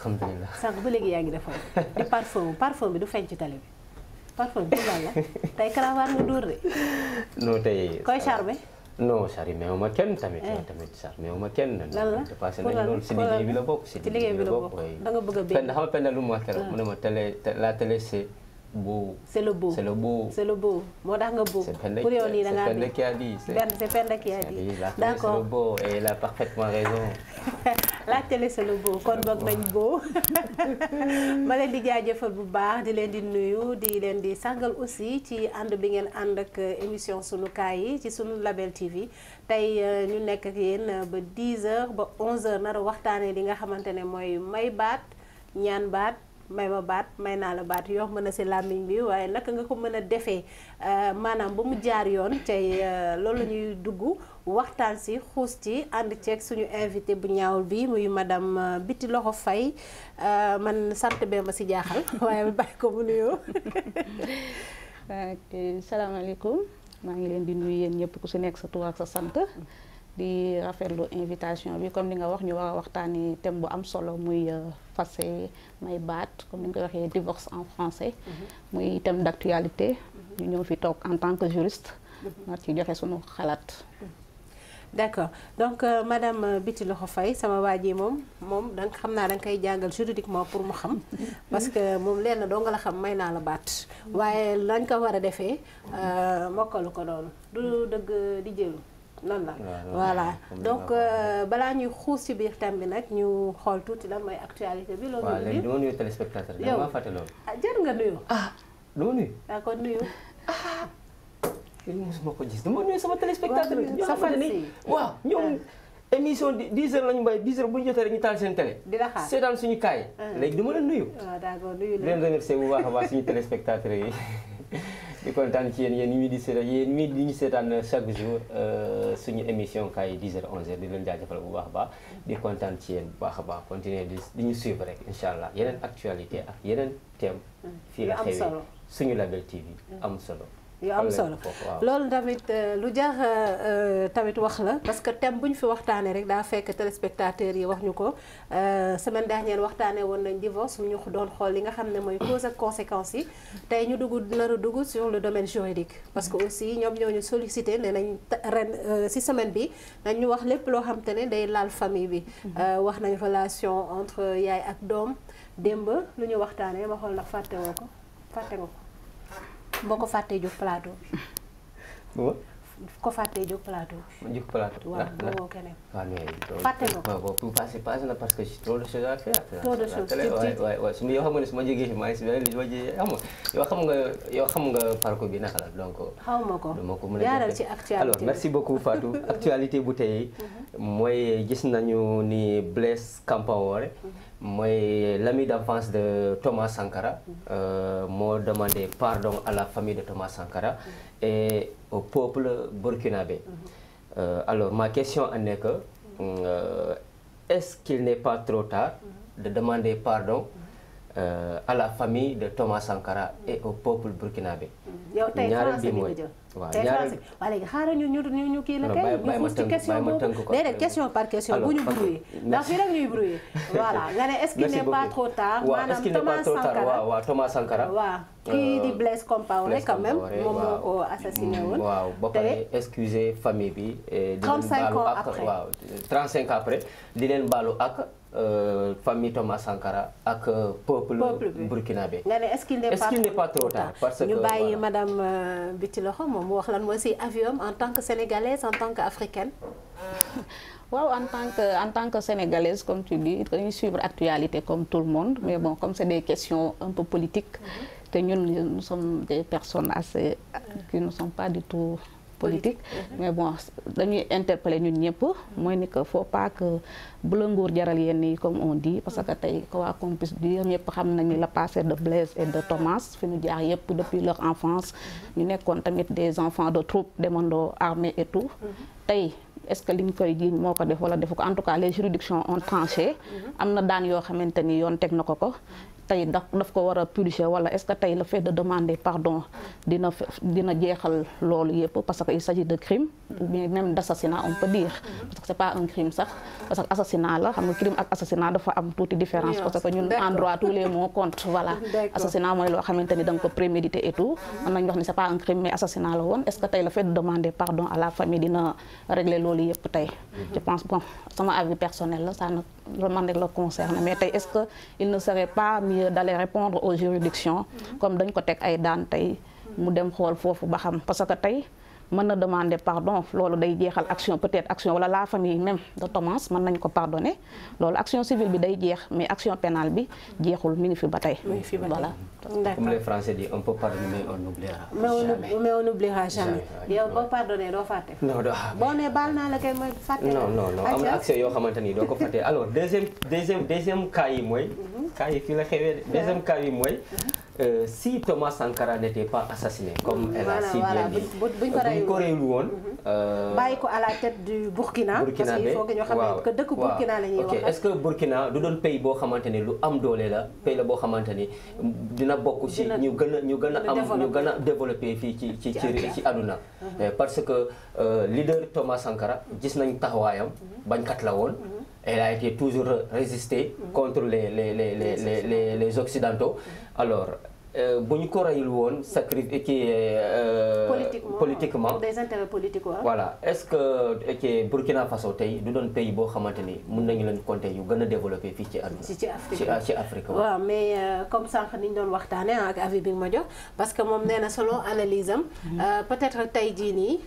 alhamdulilah sànq ba léegi yaa ngi defar di parfum parfum bi du feeñ ci bi parfum bi lan la tey cravate nga dóor de. non tey. koy charmer. non charmer wu ma kenn tamit. Eh. tamit charmer wu ma kenn. lan la dépassé nañ loolu si liggéey bi la bokk. si liggéey bi da nga bëgg a béy. xam nga Penda lu mu wax keroog ah. mu ne ma télé la télé c'est beau. c'est le beau c'est le beau. c'est moo tax nga beau. pour yow nii da ngaa di c'est Penda qui a dit. a dit d'accord et il a parfaitement raison. la télé c'est le beau kon boog nañ boo ma leen di jaajëfal bu baax di leen di nuyu di leen di sàngal aussi ci ànd bi ngeen ànd ak émission sunukaay yi ci sunu Label TV tey euh, ñu nekk ak yéen euh, ba 10 heures ba 11 heures nar a waxtaanee li nga xamante ne mooy may baat ñaan baat. may ma baat may naa la baat yoo mën a si làmmiñ bi waaye naka nga ko mën a defee euh, maanaam ba mu jaar yoon tey euh, loolu la ñuy dugg waxtaan si xuus ci ànd ceeg suñu invité bu ñaaw bi muy madame euh, Biti Loxo Faye man sant bee ma si jaaxal waaye ma ko mu nuyoo. salaamaaleykum maa ngi leen di nuyu yéen ñëpp ku si nekk sa tur ak sa sant. di rafetlu invitation bi comme li nga wax ñu war a waxtaani bu am solo muy euh, fase may baat comme ni nga ko waxee divorce en français mm-hmm. muy itam d'actualité mm-hmm. ñu ñëw fi toog en tant que juriste mm-hmm. war ci joxe sunu xalaat d'accord donc euh, madame euh, Biti Loxo Faye sama waa ji moom moom danga xam naa danga koy jàngal juridiquement pour mu xam parce que moom leen na doo nga la xam may naa la baat waaye lañ ko war a defee euh, mokkalu ko doonu du dëgg di jëlu loolu la voilà donc euh, balaa ñuy xuus ci biir thème bi nag ñu xool tuuti lan mooy actualité bi. loolu la ñuy waaw léegi du ma nuyu téléspectateur bi. yow ah jar nga nuyu. ah du ma nuyu. daa ko nuyu. Ah, mosuma ko gis du ma nuyu sama téléspectateur bi. sa fan si waaw ñoom. Ah. émission di 10 heures lañu bay 10 heures bu ñu jotee rek ñu taal seen télé. di la xaar seetaan suñu kaay. Ah. léegi du ma leen nuyu. waaw daa ko nuyu leen remercier bu baax a baax suñu téléspectateur yi. di kontaan ci yéen yéen mii di seetaan yéen ñii di ñu seetaan chaque jour euh, suñu émission kay 10h 11h di leen jaajëfal bu baax a baax di kontaan ci yéen bu baax a baax continuer di ñu suivre rek incha allah yeneen actualité ak yeneen thème mm. fii la xewee suñu label TV mm. am solo yu am solo loolu tamit euh, lu jar euh, euh, tamit wax la parce que thème bu ñu fi waxtaanee rek daa fekk téléspectateurs yi wax ñu ko semaine dernière waxtaanee woon nañ divorce mu ñu doon xool li nga xam ne mooy cause ak conséquences yi tey ñu dugg nar a dugg sur le domaine juridique parce que aussi ñoom ñoo ñu sollicité ne nañ ren si semaine bi nañ wax lépp loo xam te ne day laal famille bi wax nañ relation entre yaay ak doom démb lu ñu waxtaanee ma xool fàtte woo ko fàtte boo ko fàttee jóg plateau bi. ko fàttee jóg plateau bi. jóg plateau waaw boo keneen. Ah, mais donc que trop de choses à faire. trop de xam nga yow xam nga yoo bi naka la donc. xaw ma ko dama merci beaucoup Fatou actualité bu tey mooy gis nañu ni Blaise Compaoré mooy l'ami d'enfance de Thomas Sankara euh, moo demandé pardon à la famille de Thomas Sankara et au peuple burkinabé. Euh, alors ma question en est que euh, est-ce qu'il n'est pas trop tard de demander pardon euh, à la famille de Thomas Sankara et au peuple burkinabé. ñaareel bi mooy waaw jaaree waaw léegi xaaral ñu ñu ñu kii la kay. ñu xuus ci question boobu par question bu ñu brouillé. ndax fii rek ñuy brouillé. voilà nga ne est pas trop tard. maanaam Thomas Sankara bi. 35 eh, ans après waaw 35 ans ak. Euh, famille Thomas nga ne est pas trop tard ñu bàyyi madame euh, bi ci loxo moom mu wax lan mooy si avion en tant que sénégalaise en tant que africaine. waaw en tant que en tant que sénégalaise comme tu dis dañuy suivre actualité comme tout le monde mais bon comme c'est des questions un peu politiques. Mhm. te ñun nous des personnes assez qui ne sont pas du tout. politique mm-hmm. mais bon dañuy interpeller ñun ñëpp mooy ni que faut pas bu la nguur jaral yenn yi comme on dit parce que tey ko waa complice bi ñëpp xam nañu la passé de Blaise et de Thomas fi ñu jaar yëpp depuis leur enfance mm-hmm. ñu nekkoon tamit des enfants de troupe demandoo armée et tout mm-hmm. tey est-ce que liñ koy jiiñ moo ko def wala defu ko en tout cas les juridictions ont tranché am na daan yoo xamante ni yoon teg na ko ko tey ndax daf ko war a purger wala est-ce que tey le fait de pardon dina dina jeexal loolu yëpp parce que il s'agit de crime ou bien même d'assassinat on peut dire parce que c'est pas un crime sax parce que assassinat la xam nga crime ak assassinat dafa am tuuti différence parce que ñun en droit tous les mots comptent voilà assassinat mooy loo xamante ni da nga ko prémédité et tout mën nañ wax ni c'est pas un mais assassinat la woon est-ce que tey le fait de demander la famille dina régler loolu yëpp tey je pense sama avis personnel la ça nag loolu man rek la concerne mais tey est-ce que il ne serait pas mieux d'aller répondre aux juridictions comme dañ ko teg ay daan tey mu dem xool foofu ba xam parce que tey mën na demander pardon loolu day jeexal action peut-être action wala la famille même de Thomas mën nañ ko pardonner loolu action civile bi day jeex mais action pénale bi jeexul mi ni fi ba tey. voilà. comme les Français disent on peut pardonner mais on n'oubliera jamais. mais on n'oubliera jamais. doo fàtte. non doo boo nee ni doo ko fàtte alors deuxième deuxième deuxième cas yi mooy. Mhm. cas yi fii la xewee deuxième cas yi mooy. Mhm. Euh, si Thomas Sankara n'était pas assassiné, comme elle voilà, a si bien voilà. dit, buñ ko euh, reyul woon. Mhm. Euh, bàyyi ko à la tête du Burkina. Burkina parce que il dëkk Burkina la ñuy wax. ok est que Burkina du doon pays boo xamante ni lu am doole la pays la boo xamante ni dina bokk ci ñu gën a ñu gën a am ñu gën a développé fii ci ci ci ci àdduna. Mhm. Eh, parce que euh, leader Thomas Sankara gis nañ taxawaayam mhm. bañkat la woon. la a été toujours résistée contre les les les les les les occidentaux alors. Euh, bu ñu ko reyul woon sacrifice kii euh, politiquement politiquement des intérêts politiques voilà est-ce que kii Burkina Faso tey du doon pays boo xamante ni mun nañu leen conté yu gën a développé fii ci àdduna. ci Afrique ci Afrique waaw mais euh, comme sànq ni ñu doon waxtaanee ak avis bi ma jox parce que moom nee na selon analyse am. Mm-hmm. peut-être tey jii nii.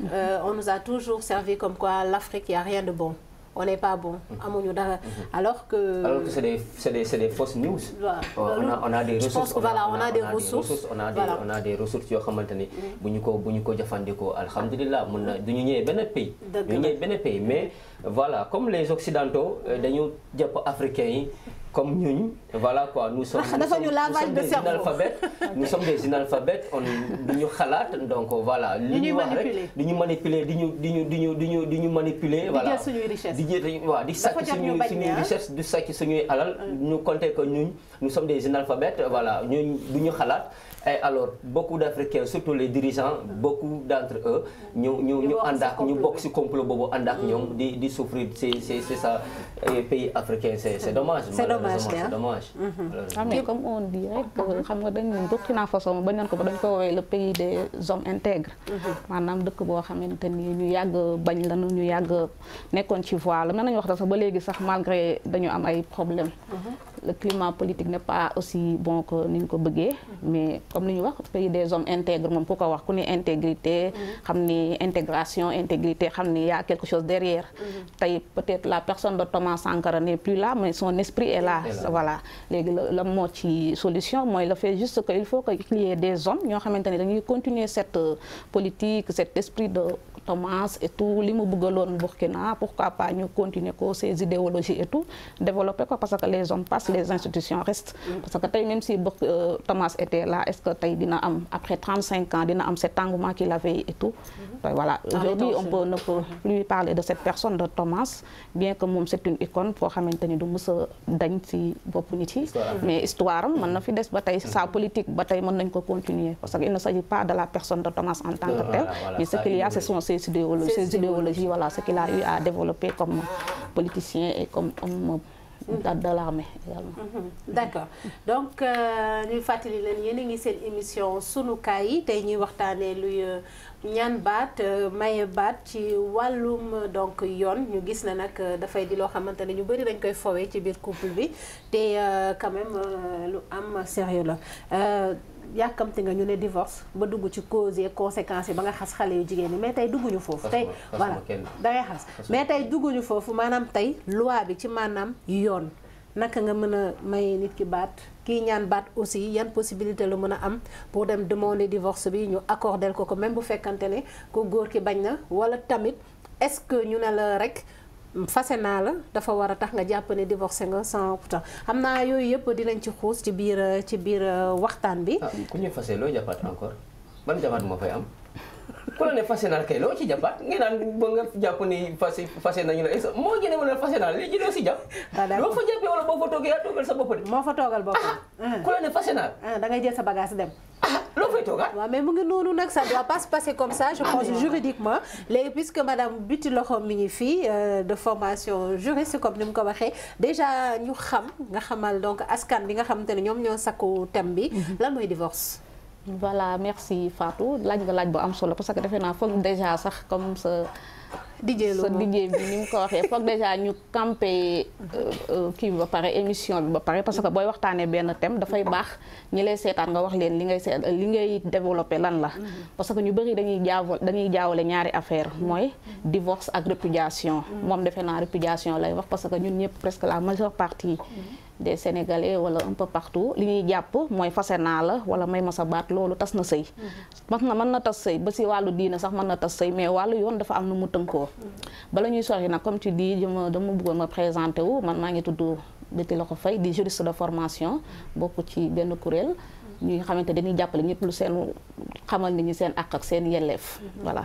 on nous a toujours servi comme quoi l'Afrique y a rien de bon. on n'est pas bon mhm. amuñu dara mhm. alors que. alors que c'est des c'est des c'est des fausses news. waaw oh, on a on a des ressources voilà on a des ressources on a des on a des ressources yoo xamante ni. Mhm. bu ñu ko bu ñu ko jëfandikoo alhamdulilah mun na du ñu ñëwee benn pays. dëgg la du ñu ñëwee benn pays mais voilà comme les occidentaux euh, dañu jëpp africains yi. comme ñun voilà quoi nous sommes ah, nous sommes, nous sommes des analphabètes nous sommes des analphabètes on du ñu xalaat donc voilà. li ñu wax rek ñu manipuler di ñu di ñu di ñu di ñu di ñu manipuler. voilà di jël suñuy richesse di jël waaw di ah. sàcc suñuy suñuy richesse di suñuy alal ah. ñu compter que ñun nous sommes des analphabètes voilà ñun du ñu xalaat. et eh, alors beaucoup d'Africains surtout les dirigeants mm-hmm. beaucoup d'entre eux mm-hmm. ñu ñu ñu ànd ak ñu bokk ci complot boobu ànd ak ñoom mm-hmm. di di souffrir c'est c'est c'est ça pays africain c'est c'est dommage malheureusement c'est dommage xam nga ah, comme on dit rek xam nga dañ Burkina Faso bañ nañ ko ba dañ ko woowee le pays des hommes intègres maanaam dëkk boo xamante ni ñu yàgg bañ la ñu yàgg nekkoon ci voie la mën nañu wax sax ba léegi sax malgré dañu am ay problèmes le climat politique n'est pas aussi bon que ni ñu ko bëggee mm-hmm. mais comme lu ñu wax pays des hommes intègres moom ku ko wax ku ne intégrité mm-hmm. xam ni intégration intégrité xam ni y'a quelque chose derrière mm-hmm. tey peut-être la personne de Thomas Sankara n'est plus là mais son esprit est là voilà léegi la moo ci solution mooy le fait juste que il faut qu'il y des hommes ñoo xamante ne dañuy continuer cette euh, politique cet esprit de Casamance et tout li mu bëggaloon Burkina pourquoi pas ñu continuer ko ces idéologies et tout développer ko parce que les hommes passent les institutions restent. Mm. parce que tey même si Bur euh, Thomas était là est que tey dina am après 35 ans dina am cet engouement qu'il avait et tout. Mm-hmm. donc voilà ah, aujourd'hui on peut ne peut mm-hmm. plus parler de cette personne de Thomas bien que moom c'est une icône foo xamante ni du mës dañ ci boppu nit yi. Mm-hmm. mais histoire am ba tey sa politique ba tey mën nañ ses idéologies, ses idéologies, voilà ce qu'il a eu à développer comme politicien et comme homme mm-hmm. de l'armée également. Mm-hmm. d'accord donc euh, ñuy fàttali leen yéen a ngi seen émission sunu yi tey ñuy waxtaanee luy euh, ñaan baat euh, maye baat ci wàllum donc yoon ñu gis na nag dafay di loo xamante ne ñu bëri dañ koy foowee ci biir couple bi te quand même lu am sérieux la. yàkkamte nga ñu ne divorce ba dugg ci causes et conséquences yi ba nga xas xale yu jigéen ñi mais tey dugguñu foofu tey voilà da ngay xas mais tey dugguñu foofu maanaam tey loi bi ci maanaam yoon naka nga mën a may nit ki baat kii ñaan baat aussi yan possibilité la mën a am pour dem demander divorce bi ñu accordel ko ko même bu fekkante ne ko góor ki bañ na wala tamit est-ce que ñu ne la rek fase naa la dafa war a tax nga jàpp ne divorcé nga sans pourtant xam naa yooyu yëpp dinañ ci xuus ci biir ci biir euh, waxtaan bi. Ah, ku ñuy fase loo jàppaat encore ban jàppaat moo fay am. ku la ne fase kay loo ci jàppaat ngeen naan ba nga jàpp ni fase fase nañu la moo gën a mën a fase naa léegi doo si jàpp loo fa jàppee wala boo fa toogee yaa toogal sa bopp de moo fa toogal bopp ku la ne fase naa sa bagage dem loo fay toogaat waaw mais mu ngi noonu nag ça doit pas se comme ça juridiquement léegi puisque madame Biti Loxo mi ngi fii de formation juriste comme ni mu ko waxee déjà ñu xam nga xamal donc askan bi nga xamante ne ñoom ñoo sakku thème bi mhm. lan mooy divorce voilà merci Fatou laaj nga laaj bu am solo parce que defe naa foog déjà sax comme sa. dijee sa dijee bi ni mu ko waxee foog déjà ñu campé euh, euh, kii bi ba pare émission bi ba pare parce que booy waxtaanee benn thème dafay baax ñi lay seetaan nga wax leen li ngay seet li ngay développé lan la. Mm-hmm. parce que ñu bëri dañuy jaaw dañuy jaawale ñaari affaire mooy divorce ak répudiation. Mm-hmm. moom defe naa répudiation lay wax parce que ñun ñëpp presque la majeure partie. Mm-hmm. de sénégalais wala un peu partout li ñuy jàpp mooy fase naa la wala may ma sa baat loolu tas na sëy man mhm. na mën na tas sëy ba si wàllu diina sax mën na tas sëy mais wàllu yoon dafa am nu mu tënkoo mhm. bala ñuy sori nag comme tu dis dama dama bëggoon ma présenté wu man maa ngi tudd la ko Faye di juriste de formation mhm. bokk ci benn kuréel ñuy xamante dañuy jàppale ñëpp lu seen xamal nit ñi seen àq ak seen yelleef voilà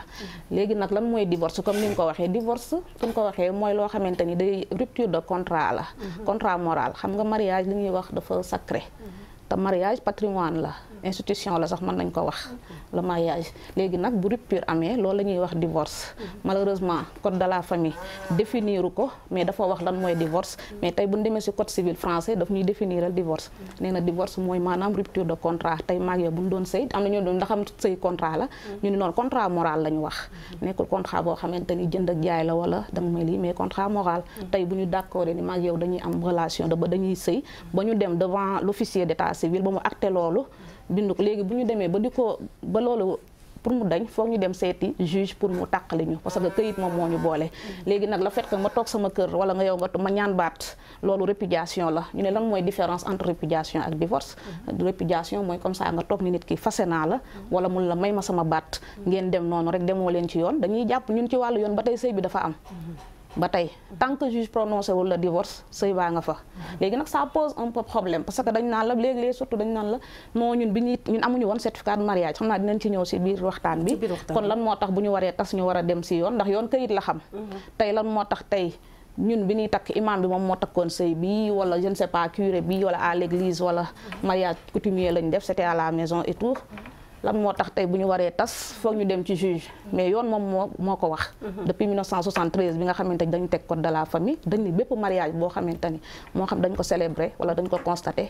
léegi nag lan mooy divorce comme ni nga ko waxee divorce suñ ko waxee mooy loo xamante ni day rupture de contrat la mhm. contrat moral xam nga mariage li ñuy wax dafa sacré mhm. te mariage patrimoine la institution la sax man nañ ko wax le mariage léegi nag bu rupture amee loolu la ñuy wax divorce mhm. malheureusement code de la famille définiru ko mais dafa wax lan mooy divorce mhm. mais tey bu ñu demee ci code civil français daf ñuy définiral divorce mhm. nee na divorce mooy maanaam rupture de contrat tey maag yow bu ñu doon sëy am na ñu doon ndax am sëy contrat la ñu ni noonu contrat moral lañu wax nekkul contrat boo xamante ni jënd ak jaay la wala danga may lii mais contrat moral tey bu ñu d'accord ni maag yow dañuy am relation da ba dañuy sëy ba ñu dem devant l'officier d'état civil mu acté loolu bind ko léegi bu ñu demee ba di ko ba loolu pour mu dañ foog ñu dem seeti juge pour mu tàqali ñu parce que këyit moom moo ñu boole. léegi nag la fait ma toog sama kër wala nga yow nga ma ñaan baat loolu répudiation la ñu ne lan mooy différence entre répudiation ak divorce. répudiation mooy comme ça nga toog ni nit ki fase naa la. wala mun la may ma sama baat. ngeen dem noonu rek demoo leen ci yoon dañuy jàpp ñun ci wàllu yoon ba tey sëy bi dafa am. ba tey tant que juge prononcé wul le divorce sëy baa nga fa léegi nag ça pose un peu problème parce que dañ naan la léeg-léeg surtout dañu naan la non ñun bi ñuy ñun amuñu woon certificat de mariage xam naa dinañ ci ñëw si biir waxtaan bi kon lan moo tax bu ñu waree tas ñu war a dem si yoon ndax yoon kayit la xam mhm. tey lan moo tax tey ñun bi ñuy takk imam bi moom moo takkoon sëy bi wala je ne sais pas curé bi wala à l'église wala mariage coutumier lañ def c'était à la maison et tout lan moo tax tey bu ñu waree tas foog ñu dem ci juge mais yoon moom moo moo ko wax mhm. depuis 1973 bi nga xamante ni dañu teg code de la famille dañ ni bépp mariage boo xamante ni moo xam dañ ko célébrer wala dañ ko constater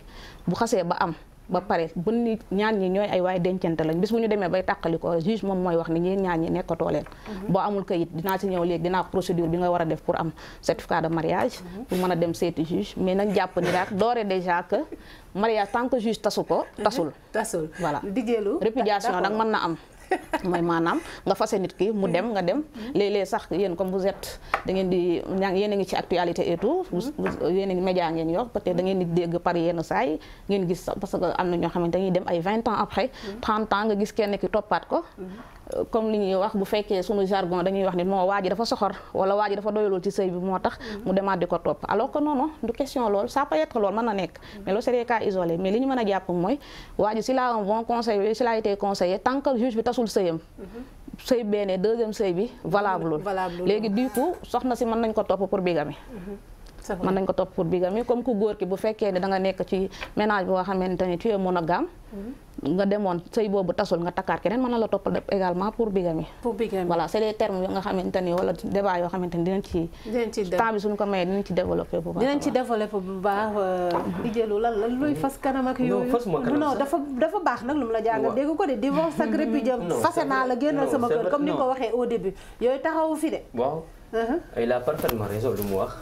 bu xasee ba am ba pare bu ñaan ñi ñooy ay waay dencante lañ bis bu ñu demee bay tàqali ko juge moom mooy wax ni ñi ñaar ñi nekkatoo leen mhm. boo amul kayit dinaa si ñëw léegi dinaa procédure bi nga war a def pour am certificat de mariage mhm. pour mën a dem seeti juge mais nañ jàpp ni daal doore déjà que mariage tant que juge tasu ko tasul tasul voilà diggéelu répudiation ah, nag mën na am mooy maanaam nga fase nit ki mu dem nga dem mm-hmm. léeg-léeg sax yéen comme vous êtes da di ñaa yéen ngi ci actualité et tout mm-hmm. yéen a ngi média ngeen yor peut-être da di dégg par yenn saay ngeen gis parce que am na ñoo xam ne dañuy dem ay vingt ans après mm-hmm. trente ans nga gis kenn ki toppaat ko comme li ñuy wax bu fekkee suñu jargon dañuy wax ni moo waa ji dafa soxor wala waa dafa doyalul ci sëy bi moo tax mu demaat ko topp alors que non non du question loolu ça peut être mën na nekk mais loolu c'est des cas mais li ñu mën a jàpp mooy waa ji s'il a un bon conseil s'il a été conseillé tant que juge bi tasul sëyam sëy beneen deuxième sëy bi valable léegi du coup soxna si mën nañ ko topp pour bigamie mhm. mën nañ ko topp pour bigamie comme ku góor ki bu fekkee ne da nekk ci ménage boo xamante ne tu es monogame mm-hmm. nga demoon sëy boobu tasul nga takkaat keneen mën na la topp également pour bigamie pour bigamie voilà c'est des nga xamante ni wala débat dinañ ci dinañ ci ko mayee dinañ ci développé bu baax dinañ ci développé euh, luy fas kanam yooyu non dafa dafa baax nag lu mu la jàngal dégg ko de divorce ak répudié fase naa la génnal sama kër la a parfaitement raison lu mu wax.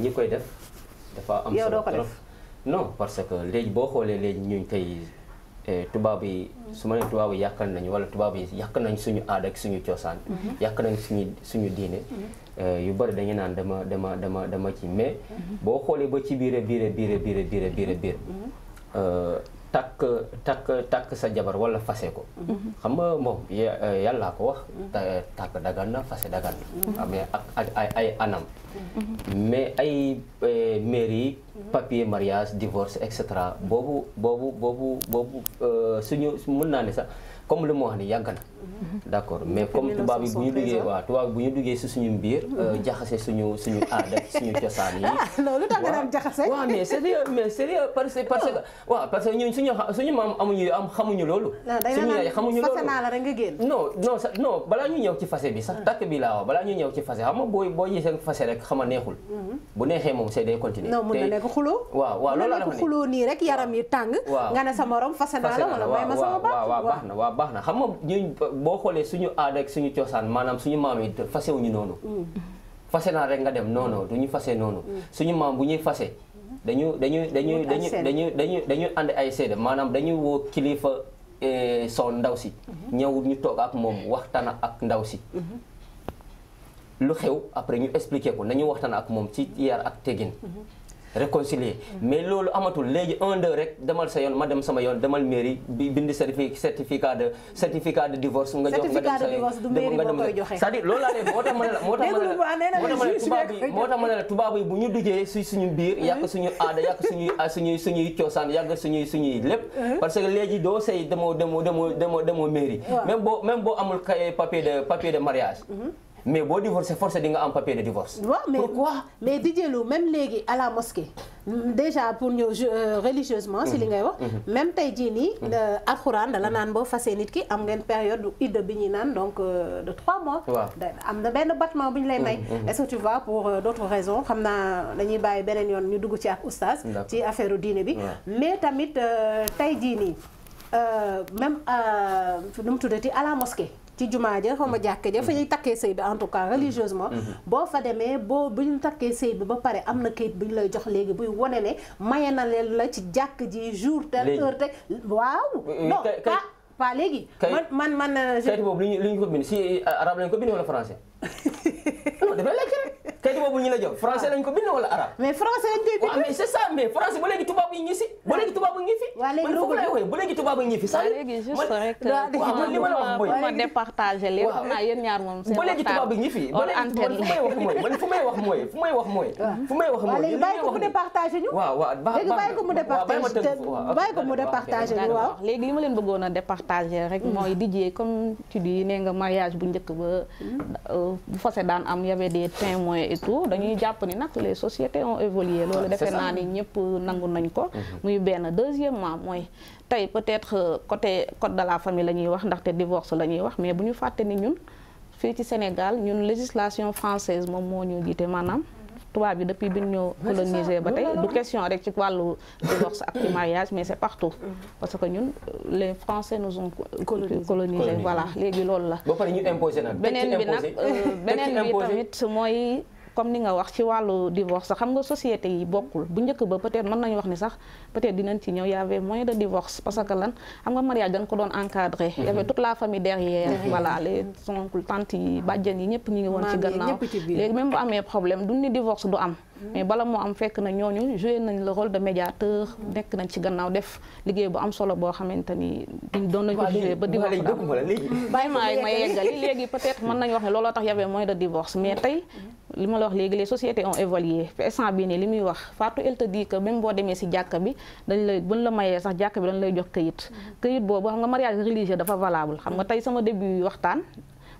ñi koy def dafa am solo trop non parce que léegi boo xoolee léegi ñuñ koy tubaab yi su ma nee tubaab yi yàqal nañu wala tubaab yi yàq nañ suñu aada ak suñu cosaan. yàq nañ suñu suñu diine. yu bari dañu naan dama dama dama dama ci mais. boo xoolee ba ci biir biir biir biir biir biir biir. takk takk takk sa jabar wala fase ko mhm. xam nga moom yàllaa ko wax mhm. takk dagan na fase dagan na mhm. ak ay anam mais ay eh, mairie papier mariage divorce et cetera boobu boobu boobu boobu euh, suñu mën naa ne sax comme lu mu wax ni yàgg na mhm. d' accord mais comme tubaab yi bu ñu duggee waaw tubaab yi bu ñu duggee si suñu mbir mhm. euh, jaxase suñu suñu suñu cosaan yi loolu tax nga jaxase fase naa la rek nga génn non non balaa ñu ñëw ci fase bi sax ah. takk bi laa wax balaa ñu ñëw ci fase xam nga boo boo gisee fase rek xam nga neexul mhm. bu neexee moom c'est day continuer non na nekk xuloo waaw waaw baax waaw waaw baax na baax na xam nga ñu boo xoolee suñu aada ak suñu cosaan maanaam suñu maam yi fasewuñu noonu mm. fase naa rek nga dem noonu du ñu fase noonu mm. suñu maam bu ñuy fase dañu dañuy dañu dañu dañuy dañuy dañuy ànd ay seede maanaam dañu woo kilifa eh, son ndaw si mm-hmm. ñëw ñu toog ak moom waxtaan ak ndaw si mm-hmm. lu xew après ñu expliquer ko nañu waxtaan ak moom ci yar ak tegin mm-hmm. réconcilier mm. mais loolu amatul léegi un deux rek demal sa yoon ma dem sama yoon demal mairie bi bind certificat certificat de certificat de divorce nga jox nga dem sa yoon nga dem c'est-à-dire loolu laa ne moo tax ma ne la moo tax ma ne la moo tax ma ne la tubaab yi bu ñu duggee si suñu biir yàq uh-huh. suñu aada yàq suñuy ah, suñuy suñuy coosaan yàq suñuy suñuy lépp uh-huh. parce que léegi doo sëy demoo demoo demoo demoo demoo mairie même boo même boo amul papier de papier de mariage uh-huh. mais boo divorcé forcé di nga am papier de divorce. waaw mais pourquoi mais Didier léegi à la mosquée déjà pour ñëw euh, religieusement si li ngay wax. Mhm. même tey jii nii. Mhm. Euh, alxuraan dala naan boo fasee nit ki am ngeen période du idda bi ñuy naan donc euh, de trois mois. am na benn battement bu ñu lay may. Mhm, est-ce que tu pour d'autres raisons xam naa dañuy bàyyi beneen yoon ñu dugg ci ak oustaz. ci affaire diine bi. mais tamit tey jii nii même nu mu tuddati à la mosquée. ci jumaa ja xaw ma jàkka ja fa ñuy takkee sëy bi en tout cas religieusement mm-hmm. Mm-hmm. boo fa demee boo bu ñu takkee sëy bi ba pare am na kayit bu ñu lay jox léegi buy wone ne maye na leen la ci jàkk ji jour tel heure tel waaw mm-hmm. non pas ah, pas léegi man man man euh, kayit boobu li ñu ko bind si euh, arabe lañ ko bind wala français non dafay lekk rek kayit boobu ñu la jox français lañ ko bind wala arab mais français lañ koy bind waaw mais léegi tubaab yi ñu si ba léegi tubaab rek euh, ma la wax mooy ma départager lépp xam naa yéen yi ñu li ma leen bëggoon a départager rek mm. mooy dijee comme tu dis nee mariage bu njëkk ba mm. euh, bu fase daan am y avait des mois et tout dañuy mm-hmm. jàpp ni nag les sociétés ont évolué ah, loolu defe naa ni ñëpp nangu nañ ko mm-hmm. muy benn deuxièmement mooy tey peut-être euh, côté code de la famille la ñuy wax ndaxte divorce la ñuy wax mais bu ñu fàtte ni ñun fii ci Sénégal ñun législation française moom moo ñu jiite maanaam tubaab yi depuis bi ñu colonisé ba tey du question rek ci wàllu divorce ak ci mariage mais c'est partout mm-hmm. parce que ñun les français nous ont colonisé voilà léegi loolu la ba pare ñu imposé nag beneen bi nag euh, beneen bi tamit mooy comme ni nga wax ci wàllu divorce sax xam nga société yi bokkul bu njëkk ba peut-être mën nañu wax ni sax peut-être dinañ ci ñëw y avait moins de divorce parce que lan xam nga mariage dañ ko doon encadré y avait mhm. la famille derrière mhm. voilà les oncles tantes yi bàjjen yi ñëpp ñi ngi woon ci gannaaw léegi même bu amee problème duñ ni divorce du am mais bala moo am fekk na ñooñu joué nañ le rôle de médiateur nekk nañ ci gannaaw def liggéey bu am solo boo xamante ni doon nañ ko joué ba divorce bàyyi ma ma yeggali léegi peut-être mën nañu wax ne looloo tax y'avait moins de divorce mais tey li ma la wax léegi les sociétés on évolué instant bii nii li muy wax Fatou elle te dit que boo demee si jàkka bi dañ lay buñ la mayee sax jàkka bi dañ lay jox këyit këyit boobu xam nga mariage religieux dafa valable xam nga tey sama début waxtaan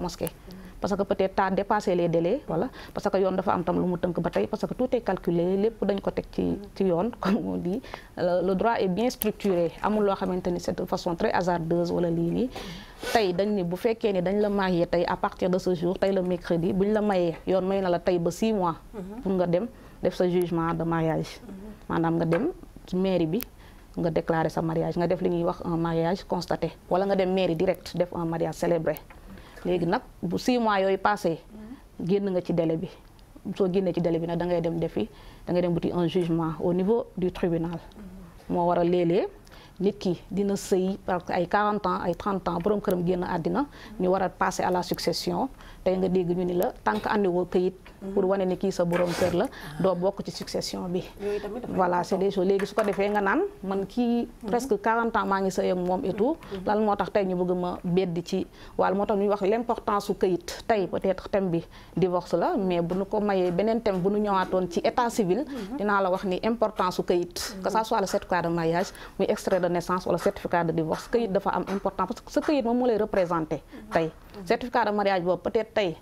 mosquée parce que peut-être t'as dépassé les délais voilà parce que yoon dafa am tam lu mu tënk ba tey parce que tout est lépp dañ ko teg ci ci yoon comme on dit le droit est bien structuré amul loo xamante ni c'est de façon très hasardeuse nii tey dañ ne bu fekkee ni dañ la marié tey à partir de ce jour tey le mercredi buñ la mayee yoon may na la tey ba 6 mois mhm. pour nga dem def sa jugement de mariage mhm. maanaam nga dem mairie bi nga déclarer sa mariage nga def li ñuy wax un mariage constaté wala nga dem mairie direct def un mariage célébré léegi nag bu 6 mois yooyu passé génn nga ci délai bi soo génnee ci dele bi nag da ngay dem defi da dem buti un jugement au niveau du tribunal moo waral léeg-léeg nit ki dina sëy parce que ay 40 ans ay 30 ans borom këram génn addina ñu war a passer à la succession tey nga dégg ñu ni la tant que kayit pour wane ni kii sa borom kër la doo bokk ci succession bi voilà c'est des choses léegi su ko defee nga naan man kii mhm. presque 40 ans maa ngi sa ak moom et tout mhm. lan moo tax tey ñu bëgg ma beddi ci wala moo tax ñuy wax l'importance su këyit tey peut-être thème bi divorce la mais bu ñu ko mayee beneen thème bu ñu ñëwaatoon ci état civil mhm. dinaa la wax ni importance su këyit que ça soit le certificat de mariage muy extrait de naissance wala certificat de divorce këyit dafa am important parce être tey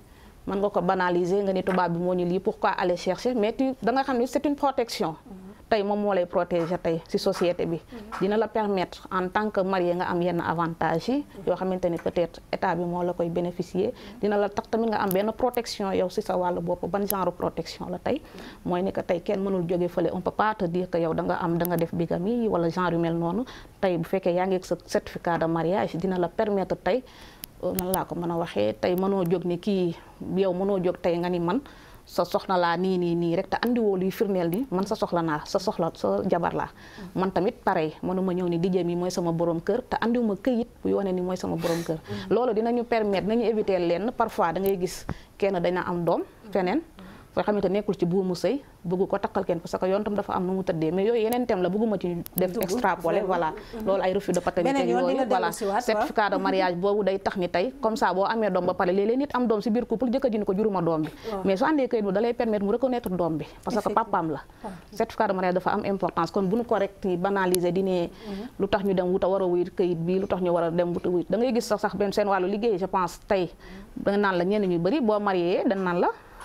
mën nga ko banaliser nga ni tubaab bi moo ñu lii pourquoi aller chercher mais tu da xam ne c'est une protection mm-hmm. tey moom moo lay protéger tey ci société bi mm-hmm. dina la permettre en tant que marie nga am yenn avantage yi mm-hmm. yoo xamante ni peut-être état bi moo la koy bénéficier dina la tax tamit nga am benn protection yow ci sa wàllu bopp ban genre protection la tey mooy ni que tey kenn mënul joge fële on peut pas te dire que yow da nga am da nga def bigamie wala genre yu noonu tey bu fekkee yaa ngi sa certificat de mariage dina la permettre tey lan laa ko mën a waxee tey manoo jóg ni kii yow mënoo jóg tey nga ni man sa soxna laa nii nii nii rek te andiwoo luy firndeel ni man sa soxla naa sa soxla sa jabar laa man tamit pareil mënuma ñëw ni dijjee mi mooy sama borom kër te andiwuma këyit bu yoone ni mooy sama borom kër mm. loolu dina dinañu permettre dinañu éviter leen parfois da ngay gis kenn dana am doom feneen nga xam nekkul ci buumu sëy bëgg ko takkal kenn parce que yoon tam dafa am nu mu tëddee mais yooyu yeneen thème la bëgguma ci def extrapolé voilà mm-hmm. loolu ay refus de tey nit am doom si biir couple jëkkër ji ni ko juruma doom bi mais su àndee këyit bi da lay permettre mu reconnaître doom bi parce que papaam la certificat de mariage dafa am importance kon bu ñu ko rek ni mm-hmm. lu tax ñu dem wuta war a wuyit bi lu tax ñu war dem wuta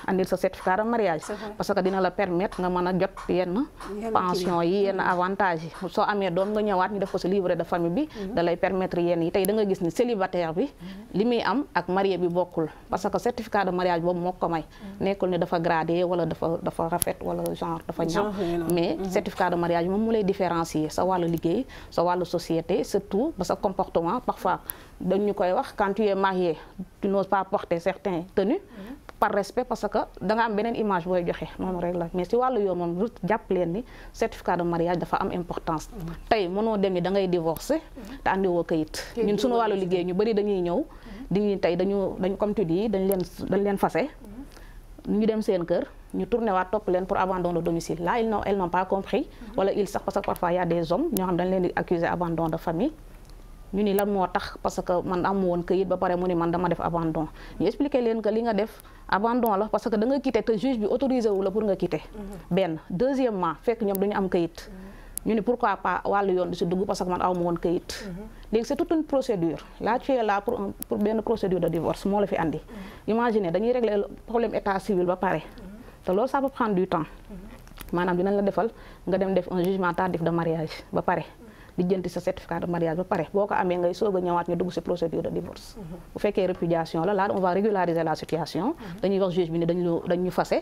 andil sa certificat de mariage parce que dina la permettre nga mën a jot yenn pension yi yenn mm. avantage yi soo amee doom nga ñëwaat ñu def ko si livret de famille bi mm-hmm. da lay permettre yenn yi tey da nga gis ni célibataire bi mm-hmm. li muy am ak marié bi bokkul parce que certificat de mariage boobu moo ko may mm-hmm. nekkul ne dafa gradé wala dafa dafa rafet wala genre dafa ñaaw mais certificat de mariage moom mu lay différencier sa wàllu liggéey sa wàllu société surtout ba sa comportement parfois dañu koy wax quand tu es marié tu n'oses pas porter certains tenues par respect parce que da nga am beneen image booy joxe moom rek la mais si wàllu yoon moom lu jàpp leen ni certificat de mariage dafa am importance tey mënoo dem ni da ngay divorcé te andi woo kayit ñun suñu wàllu liggéey ñu bëri dañuy ñëw di tey dañu dañ comme tu dañ leen dañ leen fase ñu dem seen kër ñu tourné waat topp leen pour abandon de domicile là ils n'ont elles n'ont pas compris wala ils sax parce que parfois y des hommes ñoo xam dañ leen di accuser de famille ñu ni lan moo tax parce que man amu woon kayit ba pare mu ni man dama def abandon ñu expliqué leen que li nga def abandon la parce que da nga quitté te juge bi autorisé wu la pour nga quitté mhm. benn deuxièmement fekk ñoom duñu am këyit mhm. ñu ni pourquoi pas wàllu yoon si dugg parce que man aw ma woon kayit mhm. léegi c'est toute une procédure là tu es là pour pour benn procédure de divorce moo la fi andi imaginez dañuy régler problème état civil ba pare te loolu ça peut prendre du temps maanaam dinañ la defal nga dem def un jugement tardif de mariage ba pare di jënti sa certificat de mariage ba pare boo ko amee ngay soog ñëwaat ñu dugg si procédure de divorce mhm. bu fekkee répudiation la là on va régulariser la situation mhm. dañuy wax juge bi ne dañu fase mhm.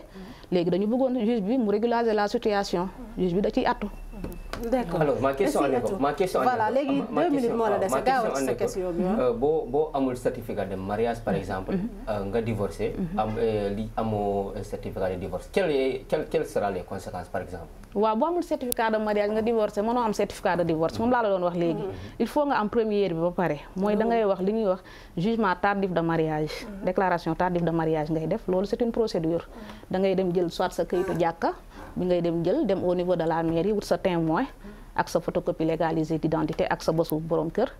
léegi dañu bëggoon juge bi mu régulariser la situation juge bi da ciy attu d'accord ma question en écho ma question voilà léegi ah. euh, boo amul certificat de mariage par exemple euh, nga divorcé am euh, li amoo certificat de divorce quelles quelles seront les conséquences par exemple waaw boo amul certificat de mariage moom laa la doon wax léegi mm-hmm. il faut nga am première bi ba pare mooy dangay ngay wax li ñuy wax jugement tardif de mariage mm-hmm. déclaration tardive de mariage ngay def loolu c'est une procédure mm-hmm. dangay dem jël soit sa kayitu jàkka bi ngay dem jël dem au niveau de la mairie wut sa témoin ak sa photocopie légalisée d'identité ak sa bosu borom kër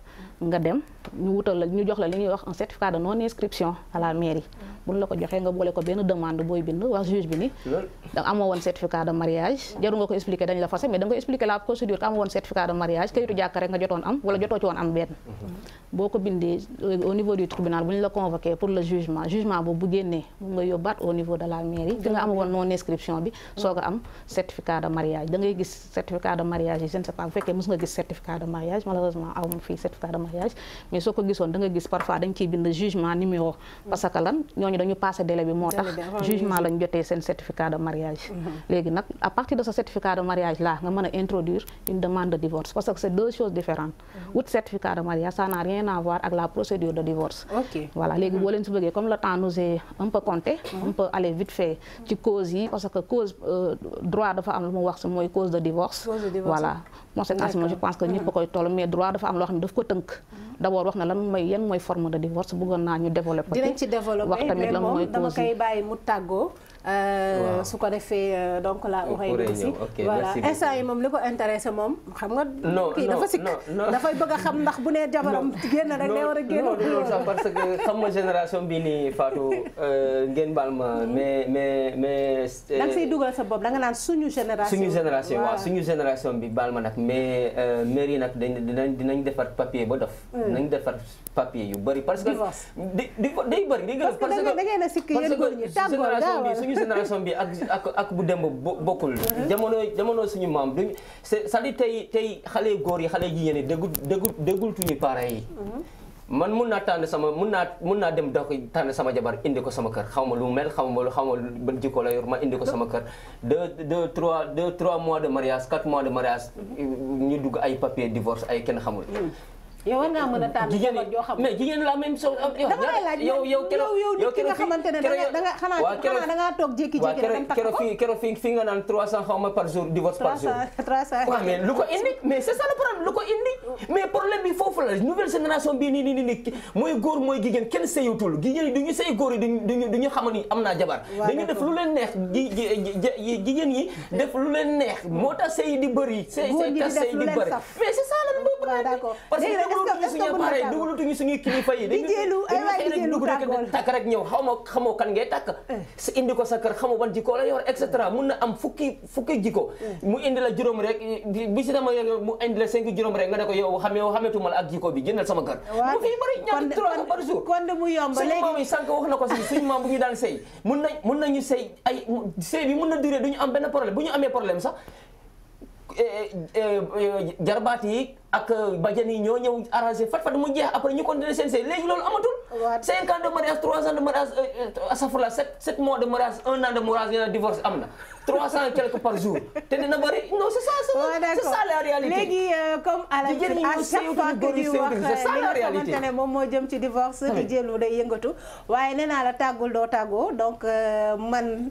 nga dem ñu wutal ñu jox la wax un de non inscription à la mairie. buñ la ko joxee nga boole ko benn demande booy bind wax juge bi ni. da amoo woon de mariage. jaru nga ko expliquer da mariage kayitu jàkk rek nga jotoon am wala jotoo ci woon am benn. Mhm. boo ko bindee euh, au niveau du tribunal bu ñu la convoqué pour le jugement jugement boobu bu génnee mun nga yóbbaat au niveau de la mairie. ki nga amoo non inscription bi. soog a am certificat mariage mais soo ko gisoon da gis parfois dañ ciy jugement numéro parce que lan ñooñu dañu passé délai bi moo tax jugement lañ jotee seen certificat de mariage mhm. léegi nag à partir de ce certificat de mariage là nga mën a introduire une demande de divorce parce que c'est deux choses différentes mhm. wut certificat de mariage ça n'a rien à ak la procédure de divorce voilà léegi boo mhm. leen si bëggee comme le temps nous est un peu compté on aller vite conséquence mo je pense que ñëpp koy toll mais droit dafa am loo xam ne daf ko tënk d' abord wax na lan mooy yan mooy forme de divorce bëggoon naa ñu développé dinañ ci développé wax lan mooy dama mu tàggoo Euh, su ko defee euh, donc la oreille bi aussi voilà instant yi moom li ko intéressé moom xam nga kii dafa sikk dafay bëgg a xam ndax bu nee jabaram génn rek day war a génn loolu sax parce que xam nga génération bi nii Fatou euh, ngeen baal ma hmm. mais mais mais da nga siy dugal sa bopp da nga naan suñu génération suñu génération waaw suñu génération bi baal ma nag mais mairie nag dañ dinañ dinañ defar papier ba dof dinañ hmm. defar papier yu bari parce que. divorce di di day a sikk yéen góor ñi tàggoo daaw parce que suñu génération bi ak ak ak bu demb bokkul. jamono jamono suñu maam duñ c'est-à-dire tey tey xale yu góor yi xale jigéen yi déggu dëggul déggul tuñu parents yi. man mun naa tànn sama mun naa mun naa dem dox tànn sama jabar indi ko sama kër xaw ma lu mel xaw ma lu xaw ma lu ban jikko la yor ma indi ko sama kër deux deux trois deux mois de mariage quatre mois de mariage ñu dugg ay papier divorce ay kenn xamul hmm. yow war ngaa mën a tànn jabar joo xam mais jigéen la même chose dama lay laaj yow yow keroog yow nit ki nga xamante ne da nga xanaa xanaa da ngaa toog jékki-jékki dem takk ko fi keroog fi fi nga naan 300 xaw ma par jour divorce par jour 300 waaw mais lu ko indi mais c'est ça le problème lu ko indi mais problème bi foofu la nouvelle génération bii nii nii nii mooy góor mooy jigéen kenn sëyutul jigéen yi du ñu sëy góor yi duñu duñu xam ni am naa jabar dañu def lu leen neex jigéen yi def lu leen neex moo tax sëy di bëri sëy di bëri mais c'est ça la problème dugulutuñu suñu pare dugulutuñu suñu kilifa yi. di jélu ay waay di jélu tàggool takk rek ñëw xaw xamoo kan ngay takk. Eh. si indi ko sa kër xamoo ban jikko la yor et cetera mun na am fukki fukki jikko. Eh. mu indi la juróom rek bi si dama mu indi la cinq juróom rek nga ne ko yow xamee yow xameetuma la ak jikko bi jëndal sama kër. waaw mu fi bëri ñaari trois na ko ñu daan sëy mun nañ ay sëy bi mun na duré duñu am benn problème bu ñu amee problème sax Eh, eh, eh, jarbaat yi ak bajan yi ñoo ñëw arrangé fat fat mu jeex après ñu continuer seen sëy léegi loolu amatul. cinq ans de mariage trois ans de mariage asafurla sept sept mois de mariage un an de mariage divorce am na trois cent quelque par jour te dina bari non c'est ça c'est ça la réalité. léegi euh, comme à chaque fois que ñuy wax euh, li nga xamante ne moom moo jëm ci a di jëlu waaye nee naa la tàggul doo tàggoo donc euh, man.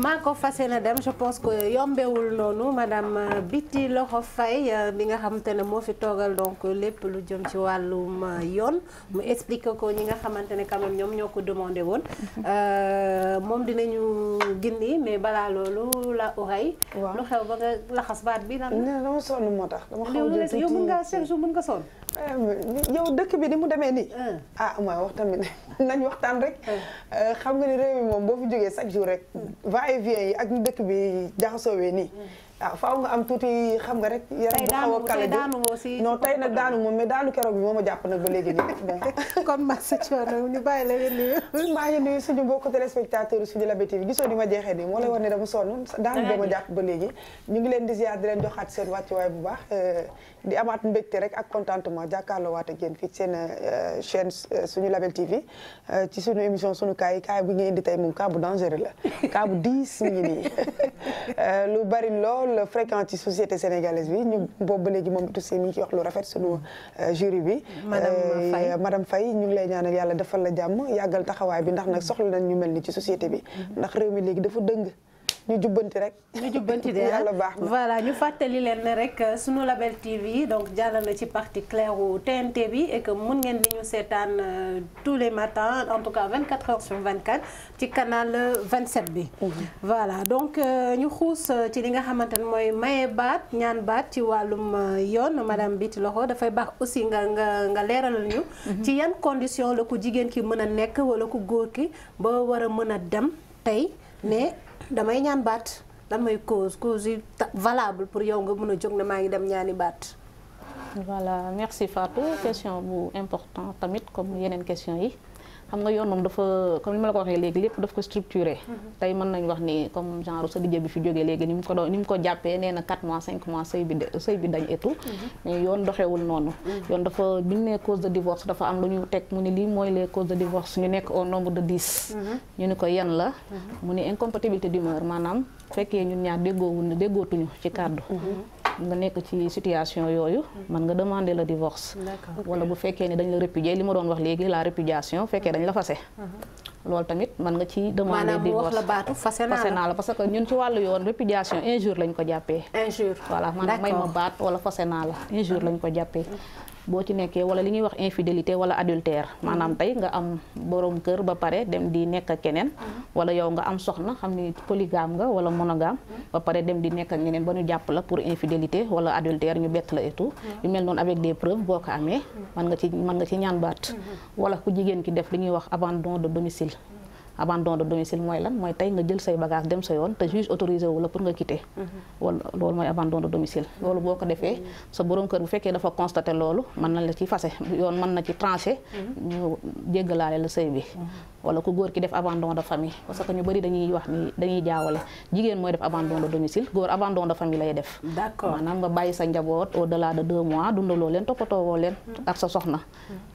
maa ko fas na dem je pense que yombewul noonu madame euh, Biti Loxo Faye bi euh, nga xamante te ne moo fi toogal donc lépp lu jëm ci wàllu ma euh, yoon mu expliquer ko ñi nga xamante ne quand ñoom ñoo ko demandé woon mhm. moom dina dinañu gindi mais balaa loolu la oreille lu xew ba nga laxas baat bi lan non moo tax dama xaw jël tuuti nga mën ngaa nga sonn Euh, yow dëkk bi ni mu demee nii. ah mooy wax tamit nañ waxtaan rek. Euh, xam nga ni réew mi moom boo fi jógee chaque jour rek. va et yi ak ni dëkk bi jaxasoo wee nii. ah faaw nga am tuuti xam nga rek. yaram a kala ji non tey nag daanu moom mais daanu keroog bi moo ma jàpp nag ba léegi nii. kon maa si coono bàyyi la ngeen nuyu. maa ngi nuyu suñu mbokku téléspectateur suñu Label TV gisoo ni ma jeexee nii moo lay war ne dama sonn daanu ba jàpp ba léegi. ñu ngi leen di ziar di leen joxaat seen wàcc wàccuwaay bu baax euh, di amaat mbégte rek ak contentement jàkkaarloo waat ak yéen fii seen euh, chaîne euh, suñu Label TV euh, ci suñu émission suñu kaay yi kaay bu ñu indi tey moom cas bu la cas bu diis mi ngi nii lu bari lool fréquent ci société sénégalaise bi ñu boobu ba léegi moom aussi mi ci wax lu rafet suñu jury bi. madame Faye madame ñu ngi lay ñaanal yàlla defal la jàmm yàggal taxawaay bi ndax nag soxla nañ ñu mel ni ci société bi. Mm-hmm. ndax réew mi léegi dafa dëng. ñu jubbanti rek. ñu jubbanti de yàlla ah. baax na voilà ñu fàttali leen ne rek euh, sunu Label TV donc jàll na ci parti claire wu TNT bi et que mun ngeen di ñu seetaan euh, tous les matins en tout cas 24 heures sur 24 ci canal 27 euh, bi. Mhm. voilà donc ñu xuus ci li nga xamante ne mooy maye baat ñaan baat ci wàllum yoon bi Biti Loxo dafay baax aussi nga nga nga leeralal ñu. Mhm. ci yan condition la ku jigéen ki mën a nekk wala ku góor ki ba war a mën a dem tey mais. damay ñaan baat damay mooy cause cause yi valable pour yow nga mën a jóg ne maa ngi dem ñaani baat. voilà merci Fatou question bu important tamit comme yeneen question yi. xam na yoon moom dafa comme ni ma la ko waxee léegi lépp daf ko structuré mhm. tey mën nañ wax ni comme genre sa dijë bi fi jógee léegi ni mu ko doon ni mu ko jàppee nee na 4 mois 5 mois sëy bi dañ etu mhm. mais yoon doxewul noonu mhm. yoon dafa bi ñu nee cause de divorce dafa am lu ñu teg mu ni lii mooy les causes de divorce ñu nekk au nombre de 10 ñu ni ko yan la mu ni incompatibilité d'humeur maanaam fekkee ñun ñaar na déggootuñu ci kàddu mm-hmm. nga nekk ci situation yooyu mm-hmm. man nga demander le divorce wala bu fekkee ne dañ la répudier li ma doon wax léegi la répudiation fekkee dañ la fase mm-hmm. loolu tamit mën nga ci demander divorce la baatu fase naa la parce que ñun ci wàllu yoon répudiation injure lañ ko jàppee injure voilà maanaam may ma baat wala fase naa la injure lañ ko jàppee boo ci nekkee wala li ñuy wax infidélité wala adultère mm-hmm. maanaam tey nga am borom kër ba pare dem di nekk ak keneen mm-hmm. wala yow nga am soxna xam ni polygame nga wala monogam mm-hmm. ba pare dem di nekk ak ñeneen ba ñu jàpp la pour infidélité wala adultère ñu bett la et tout mel noonu avec des preuves boo ko amee mën nga ci mën ci ñaan baat wala ku jigéen ki def li ñuy wax abandon de domicile abandon de domicile mooy lan mooy tey nga jël say bagage dem sa yoon te juge autorisé wu la pour nga quitter. Mhm. wala loolu mooy abandon domicile. loolu boo ko defee mhm. sa borom kër bu fekkee dafa constaté loolu mën na la ci fase yoon mën na ci tranché. Mhm. ñu jéggalaale la sëy bi. wala ku góor ki def abandon de famille parce que ñu bari dañuy wax ni dañuy jaawale jigéen mooy def abandon de domicile góor abandon de famille lay def. d'accord maanaam nga bàyyi sa njaboot au delà de deux mois leen toppatoo woo leen. ak sa soxna.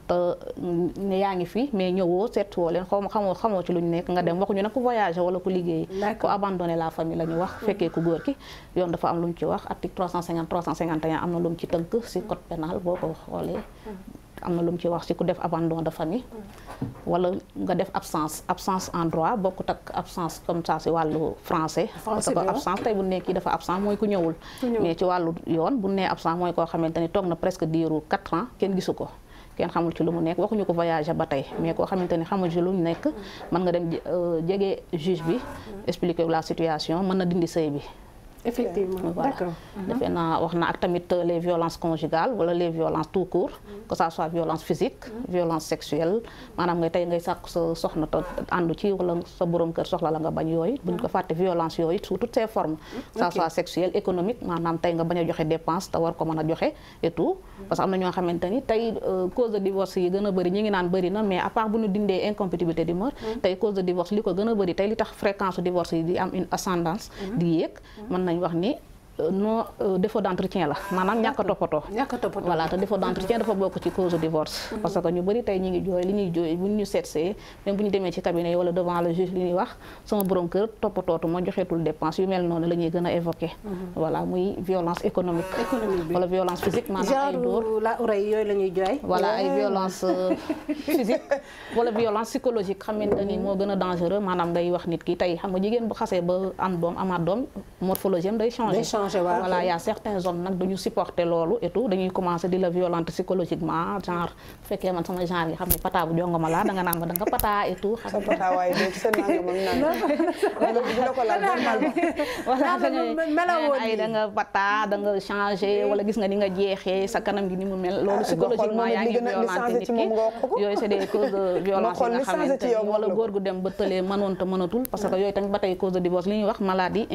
te mm, ne yaa ngi fi mais ñëwoo seetwoo leen xaw ma xamoo xamoo ci lu ñu nekk nga dem waxuñu nag ku voyagé wala ku liggéey ku abandonné la famille la ñu wax mm-hmm. fekkee ku góor ki yoon dafa am lu mu ci wax article 350 351 am na lu mu ci tënk si code pénal boo ko xoolee mm-hmm. am na lu mu ci wax si ku def abandon de famille mm-hmm. wala nga def absence absence en droit bokkut ak absence comme ça si wàllu français parce que absence tey bu nee yi dafa absent mooy ku ñëwul mais ci wàllu yoon bu nee absent mooy koo xamante ni toog na presque diiru 4 ans kenn gisu ko kenn xamul ci lu mu nekk waxuñu ko voyagé ba tey mais koo xamante ni xamul ci lu mu nekk mën nga dem euh, jege juge bi expliquer la situation mën na dindi sëy bi effectivement voilà defe mhm. naa wax na ak tamit euh, les violences conjugales wala les violences tout court que ça soit violence physique mhm. violence sexuelle maanaam ngay tey ngay sàkk sa soxna te àndu ci wala sa borom kër soxla la nga bañ yooyu buñ ko mhm. fàtte violence yooyu sous toutes ses formes que ça soit sexuelle économique maanaam tey nga bañ a joxe dépense te war ko mën a joxe et tout parce que am na ñoo xamante ni tey euh, cause de divorce yi gën a bëri ñi ngi naan bëri na mais à part bu dindee incompatibilité d'humeur tey cause de divorce li ko gën a bëri tey li tax fréquence divorce yi di am une ascendance di mën na nañ wax ni Euh, non euh, défaut d' entretien la maanaam ñàkk a toppatoo voilà te défaut d' entretien dafa bokk ci cause divorce mhm. parce que ñu bëri tey ñu ngi jooy li ñuy jooy bu ñu seetsee même bu ñu demee ci cabinet yi wala devant le juge li ñuy wax sama borom kër toppatootu ma joxeetul dépense yu mel noonu la gën a évoqué mhm. voilà muy violence économique wala violence physique maanaam ay dóor la oreille yooyu la ñuy jooy voilà ay violence euh, physique wala violence psychologique ni moo gën a dangereux maanaam ngay wax nit ki tey xam nga jigéen bu xasee ba am doom amaat doom morphologie am changé waaw a certains hommes nag duñu supporter loolu et tout dañuy commencer di la violenter psychologiquement genre bu fekkee man sama genre yi xam ne pata bu jongo ma laa da nga naan ma da nga pata et tout. sa pata waaye de sa nangam moom naan wala gis nga ni nga jeexee sa kanam gi ni mu mel. loolu ah, psychologiquement yaa ngi violenter nit ki yooyu c'est des de violence yi nga xamante ni wala gu dem ba tëlee mënoon te mënatul parce que yooyu tamit ba tey cause de divorce li ñuy wax maladie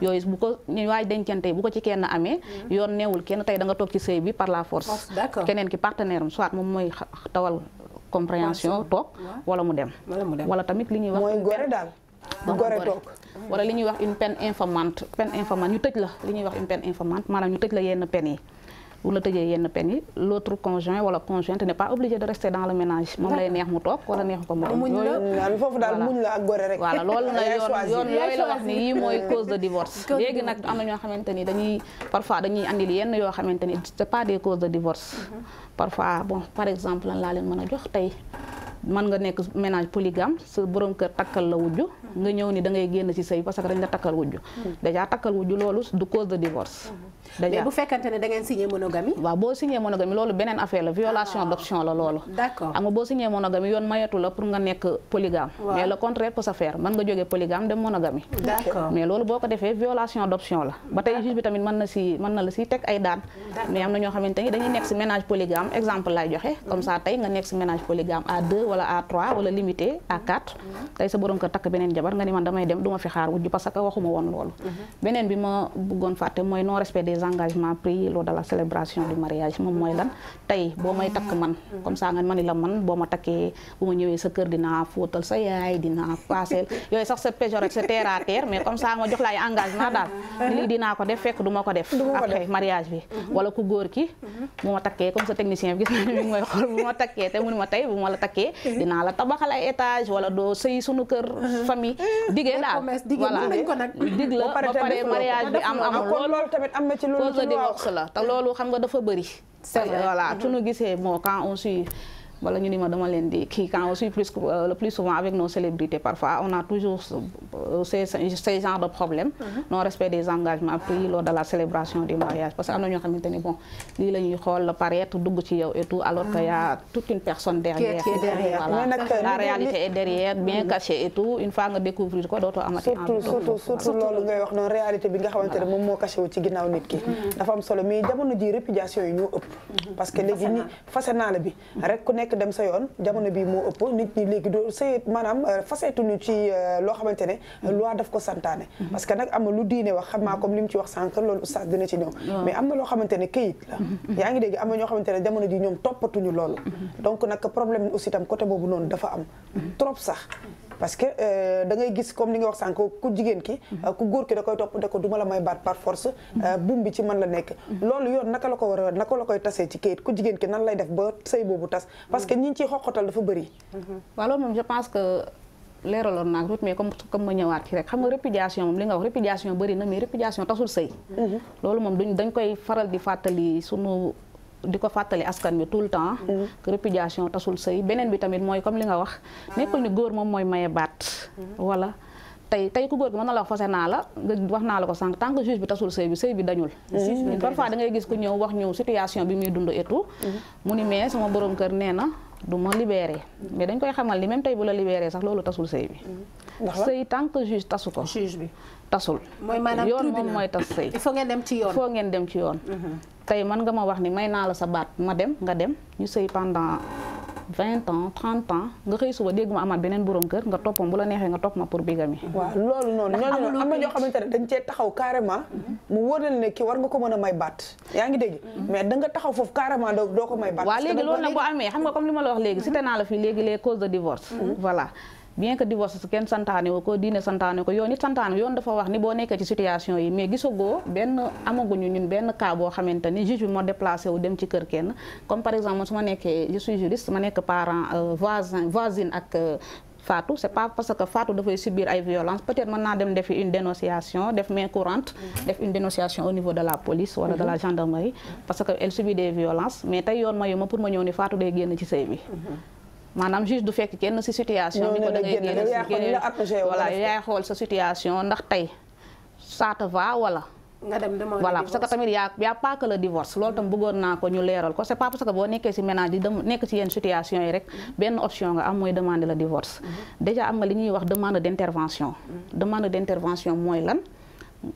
yooyu bu ko waay dencante bu ko ci kenn amee mm-hmm. yoon neewul kenn tey da nga toog ci sëy bi par la force keneen ki partenaire am soit moom mooy tawal compréhension toog wala mu dem wala tamit li ñuy wax mooy gore daal ah, gore toog wala li ñuy wax une peine infamante peine infamante ñu tëj la li ñuy wax une peine infamante maanaam ñu tëj la yenn pen yi bu la tëjee yenn peine yi l' autre conjoint wala conjointe n'est pas obligé de rester dans le ménage moom lay neex mu toog wala neex ko mu dem muñ la foofu daal muñ la ak gore rek voilà loolu la yoon yoon yooyu la wax ni yii mooy cause de divorce léegi nag am na ñoo xamante ni dañuy parfois dañuy andil yenn yoo xamante ni c'est pas des causes de divorce mm-hmm. parfois bon par exemple lan laa leen mën a jox tey mën nga nekk ménage polygame sa borom kër takkal la wujju nga ñëw ni da ngay génn ci sëy parce que dañ la takkal wujju mm-hmm. déjà takkal wujju loolu du cause de divorce mm-hmm. mais bu fekkante ne da ngeen signé monogamie. waaw boo signé monogamie loolu beneen affaire la violation ah. d'option la loolu. d'accord xam nga boo signé yoon mayatu la pour nga nekk polygame. mais le contraire peut se faire mën nga jógee polygame dem monogamie. mais loolu boo ko defee violation d'option la. ba tey juge bi tamit mën na si teg ay daan. mais na ñoo xamante ni dañuy nekk si ménage polygame exemple lay joxe. comme ça tey nga nekk si ménage polygame les engagements pris lors de la célébration du mariage moom mooy lan tey boo may takk man comme ça nga ma ni la man boo ma takkee bu ma ñëwee sa kër dinaa fóotal sa yaay dinaa paaseel yooyu sax c'est péjoratif c'est terre à mais comme ça nga jox la engagement daal lii dinaa ko def fekk du ma ko def après mariage bi mhm. wala ku góor ki bu ma takkee comme sa technicien bi gis na mi ngi mooy xool bu ma takkee te mun ma tey bu ma la takkee mhm. dinaa la tabaxal ay étage wala doo sëy sunu kër mhm. famille digee daal loolu cause de divorce la te loolu xam nga dafa bëri. voilà suñu mm-hmm. gisee moo quand on wala ñu ni ma dama leen di kii quand aussi plus euh, le plus souvent avec nos célébrités parfois on a toujours euh, ces de problèmes mm-hmm. non respect des engagements pris lors de la célébration du mariage parce que am na ñoo xamante ni bon lii la xool la paraître dugg ci yow et alors que y a mm-hmm. une personne derrière voilà derrière bien mm-hmm. cachée et tout une nga découvrir ko dootoo amati surtout surtout loolu ngay wax noonu réalité bi nga xamante ne moom moo caché wu ci ginnaaw nit ki dafa am solo mais sëyeet dem sa yoon jamono bi moo ëpp nit ñi léegi doo sëyeet maanaam euh, faseetuñu ci euh, loo xamante ne mm-hmm. loi daf ko santaane mm-hmm. parce que nag am na lu diine wax xam naa comme li mu ci wax sànq loolu oustaz dina ci ñëw mais am na loo xamante ne këyit la mm-hmm. yaa ngi dégg am ñoo xamante ne jamono ji ñoom toppatuñu loolu donc nag problème aussi tam côté noonu dafa am trop sax parce que euh, da ngay gis comme li nga wax sànq ku jigéen ki mhm. euh, ku góor ki da koy topp da ko duma la may baat par force euh, mhm. buum bi ci mën la nekk mhm. loolu yoon naka la ko war a naka la koy tasee ci kayit ku jigéen ki nan lay def ba sëy boobu tas parce que ñi ciy xoqatal dafa bëri waaw loolu moom je pense que leeraloon naa tuuti mais comme comme ma ñëwaat ci rek xam nga répudiation moom li nga wax répudiation bëri na mais répudiation tasul sëy loolu moom duñ di ko fàttali askan bi tout le temps. Mm. que répudiation tasul sëy beneen bi tamit mooy comme li nga wax. nekkul ni góor moom mooy maye baat. wala mm-hmm. tey tey ku góor gi mën na la wax fase naa la nga wax naa la ko sànq tant que juge bi tasul sëy bi sëy bi dañul. Mm-hmm. Mm-hmm. parfois da ngay gis ku ñëw wax ñëw situation bi muy dund et tout. mu ni mais sama boroom kër nee na. du ma libéré mais dañ koy xamal ni même tey bu la libéré sax loolu tasul sëy bi. sëy tant juge tasu ko. bi tasul. mooy maanaam yoon moom mooy tas sëy. il faut ngeen dem ci yoon il faut dem ci yoon. Mhm. tey mën nga ma wax ni may naa la sa baat ma dem nga dem ñu sëy pendant vingt ans trente ans nga xëy suba dégg ma amaat beneen borom kër nga toppam bu la neexee nga topp ma pour bigamie. Mhm. waaw loolu noonu ñooñu am na ñoo xamante ne dañ cee taxaw carrément. Mhm. mu nga ko mën a may baat yaa ngi dégg. mais da nga taxaw foofu carrément doo ko may baat. waaw léegi loolu nag boo amee xam nga comme li ma la wax léegi cité naa la fii léegi les causes de divorce. bien que divorce su kenn santaane wu ko diine santaane ko yoon it santaane yoon dafa wax ni boo nekkee ci situation yi mais gisagoo benn amaguñu ñun benn cas boo xamante ni juge bi moo déplacé wu dem ci kër kenn comme par exemple su ma nekkee je suis juriste ma nekk parent euh, voisin voisine ak euh, Fatou c'est pas parce que Fatou dafay subir ay violence peut-être mën naa dem defi une dénonciation def main courante def une dénonciation au niveau de la police wala de la que elle subit des violences mais tey yoon ma yow ma maanaam juge du fekk kenn ci situation ni ko yaay xool sa situation ndax tey ça te va wala nga dem demander voilà parce que tamit y' a y' a pas que le divorce loolu tam bëggoon naa ko ñu leeral ko c' est parce que boo nekkee ci ménage di dem nekk ci yenn situation yi rek mm-hmm. benn option nga am mooy demander le divorce. Mm-hmm. déjà am nga li ñuy wax demande d' intervention. Mm-hmm. demande d' mooy lan.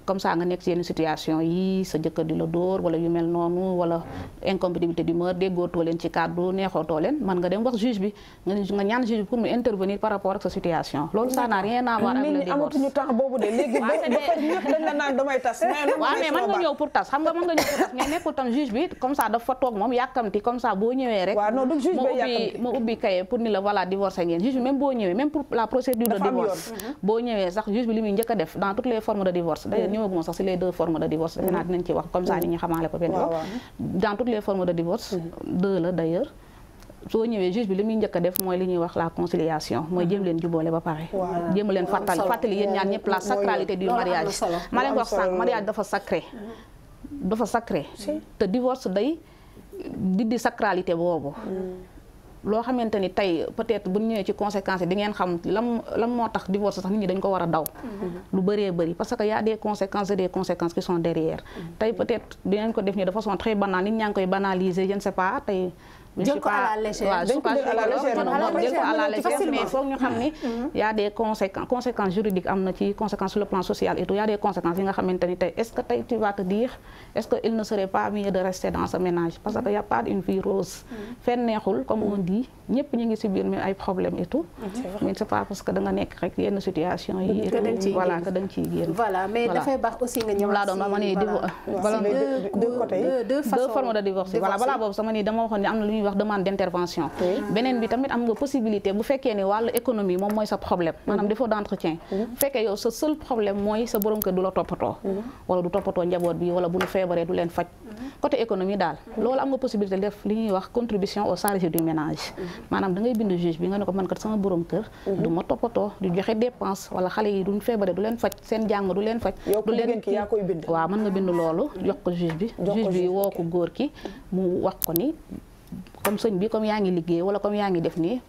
comme ça nga nekk ci yenn situation yi sa jëkkër di la dóor wala yu mel noonu wala incompatibilité d'humeur déggootoo leen ci kàddu neexootoo leen man nga dem wax juge bi nga ñaan juge bi pour mu intervenir par rapport ak sa situation loolu ça n'a rien à voir ak divorce amatuñu temps de léegi ñëpp dañ la naan damay tas waaw mais man nga ñëw pour tas xam nga mën nga ñëw pour tas mais nekkul tam juge bi comme ça dafa toog moom yàkkamti comme ça boo ñëwee rek moo ubbi kaye pour ni la voilà divorce ngeen mhm. de divorce boo d'ailleurs mm. ñëwaguma sax si les deux formes de divorce defe naa mm. dinañ ci wax comme ça mm. ni ñu xamaale ko benn yoon dans toutes les formes de divorce soo ñëwee juge bi li muy njëkk def mooy li ñuy wax la conciliation mooy jéem leen juboole ba pare jéem leen fàttali fàttali yéen ñaar ñëpp la sacralité du mariage ma leen ko wax sànq mariage dafa sacré dafa sacré te divorce day diddi sacralité boobu loo xamante ni tey peut-être bu ñëwee ci conséquence yi di ngeen xam lam lam moo tax divorce sax nit ñi dañ ko war a daw. Mm-hmm. lu bëree bari parce que y a des conséquences et des conséquences qui sont derrière. Mm-hmm. tey peut-être dinañ ko def nii de façon très banale nit ñaa ngi koy banaliser je ne pas tey. jël ko à la mais foog ñu xam ni mm-hmm. y a des sur le plan social et tout y a yi nga xamante ni tey est-ce que tey tu vas te dire est-ce que il ne serait pas mieux de rester dans ce ménage parce que y pas une vie rose mm-hmm. fenn neexul comme on dit ñëpp ñu ngi si biir ay problèmes et mm-hmm. mais c'est pas parce que da nga nekk rek yenn situation yi voilà que da nga ciy génn voilà mais boobu sama ni dama waxoon ne am na wax demande d'intervention beneen bi tamit am nga possibilité bu fekkee ne wàllu économie moom mooy sa problème maanaam défaut d'entretien bu fekkee yow sa seul problème mooy sa borom kër du la toppatoo wala du toppatoo njaboot bi wala bu feebaree du leen faj côté économie daal loolu am nga possibilité def li ñuy wax contribution au salaire du ménage maanaam da ngay bind juge bi nga ne ko man kat sama borom kër du ma toppatoo di joxe dépense wala xale yi duñ feebaree du leen faj seen jàng du leen faj du leen waaw mën nga bind loolu jox ko bi juge bi woo ko góor ki mu wax ko ni comme sëñ bi comme yaa ngi liggéey wala comme yaa ngi def nii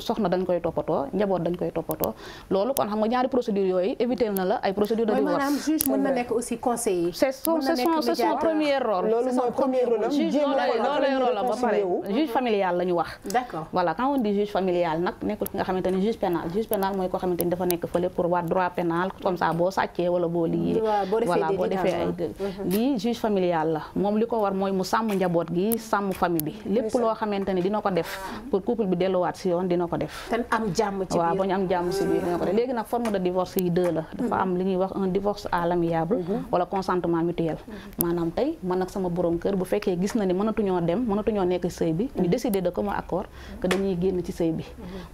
soxna dañ koy toppatoo njaboot dañ koy toppatoo loolu kon xam nga ñaari procédure yooyu éviter na la ay procédure de divorce maanaam juge mën na nekk aussi conseiller c'est son c'est familial la wax d'accord voilà quand on familial nag nekkul ki nga xamante ni juge pénal juge pénal mooy koo xamante ni dafa nekk fële pour waa droit pénal comme ça boo sàccee wala boo liggéey voilà boo defee mhm. lii juge familial la moom li ko war mooy mu xamante ni dina ko def pour couple bi delluwaat si yoon dina ko def am jàmm ci biir waaw am jàmm si biir dina ko def léegi nag forme de divorce yi deux la dafa am li ñuy wax un divorce à l'amiable mhm. wala consentement mutuel mhm. maanaam tey man nag sama borom kër bu fekkee gis na ni mënatuñoo dem mënatuñoo nekk sëy bi ñu mhm. décider de commun accord que dañuy génn ci sëy bi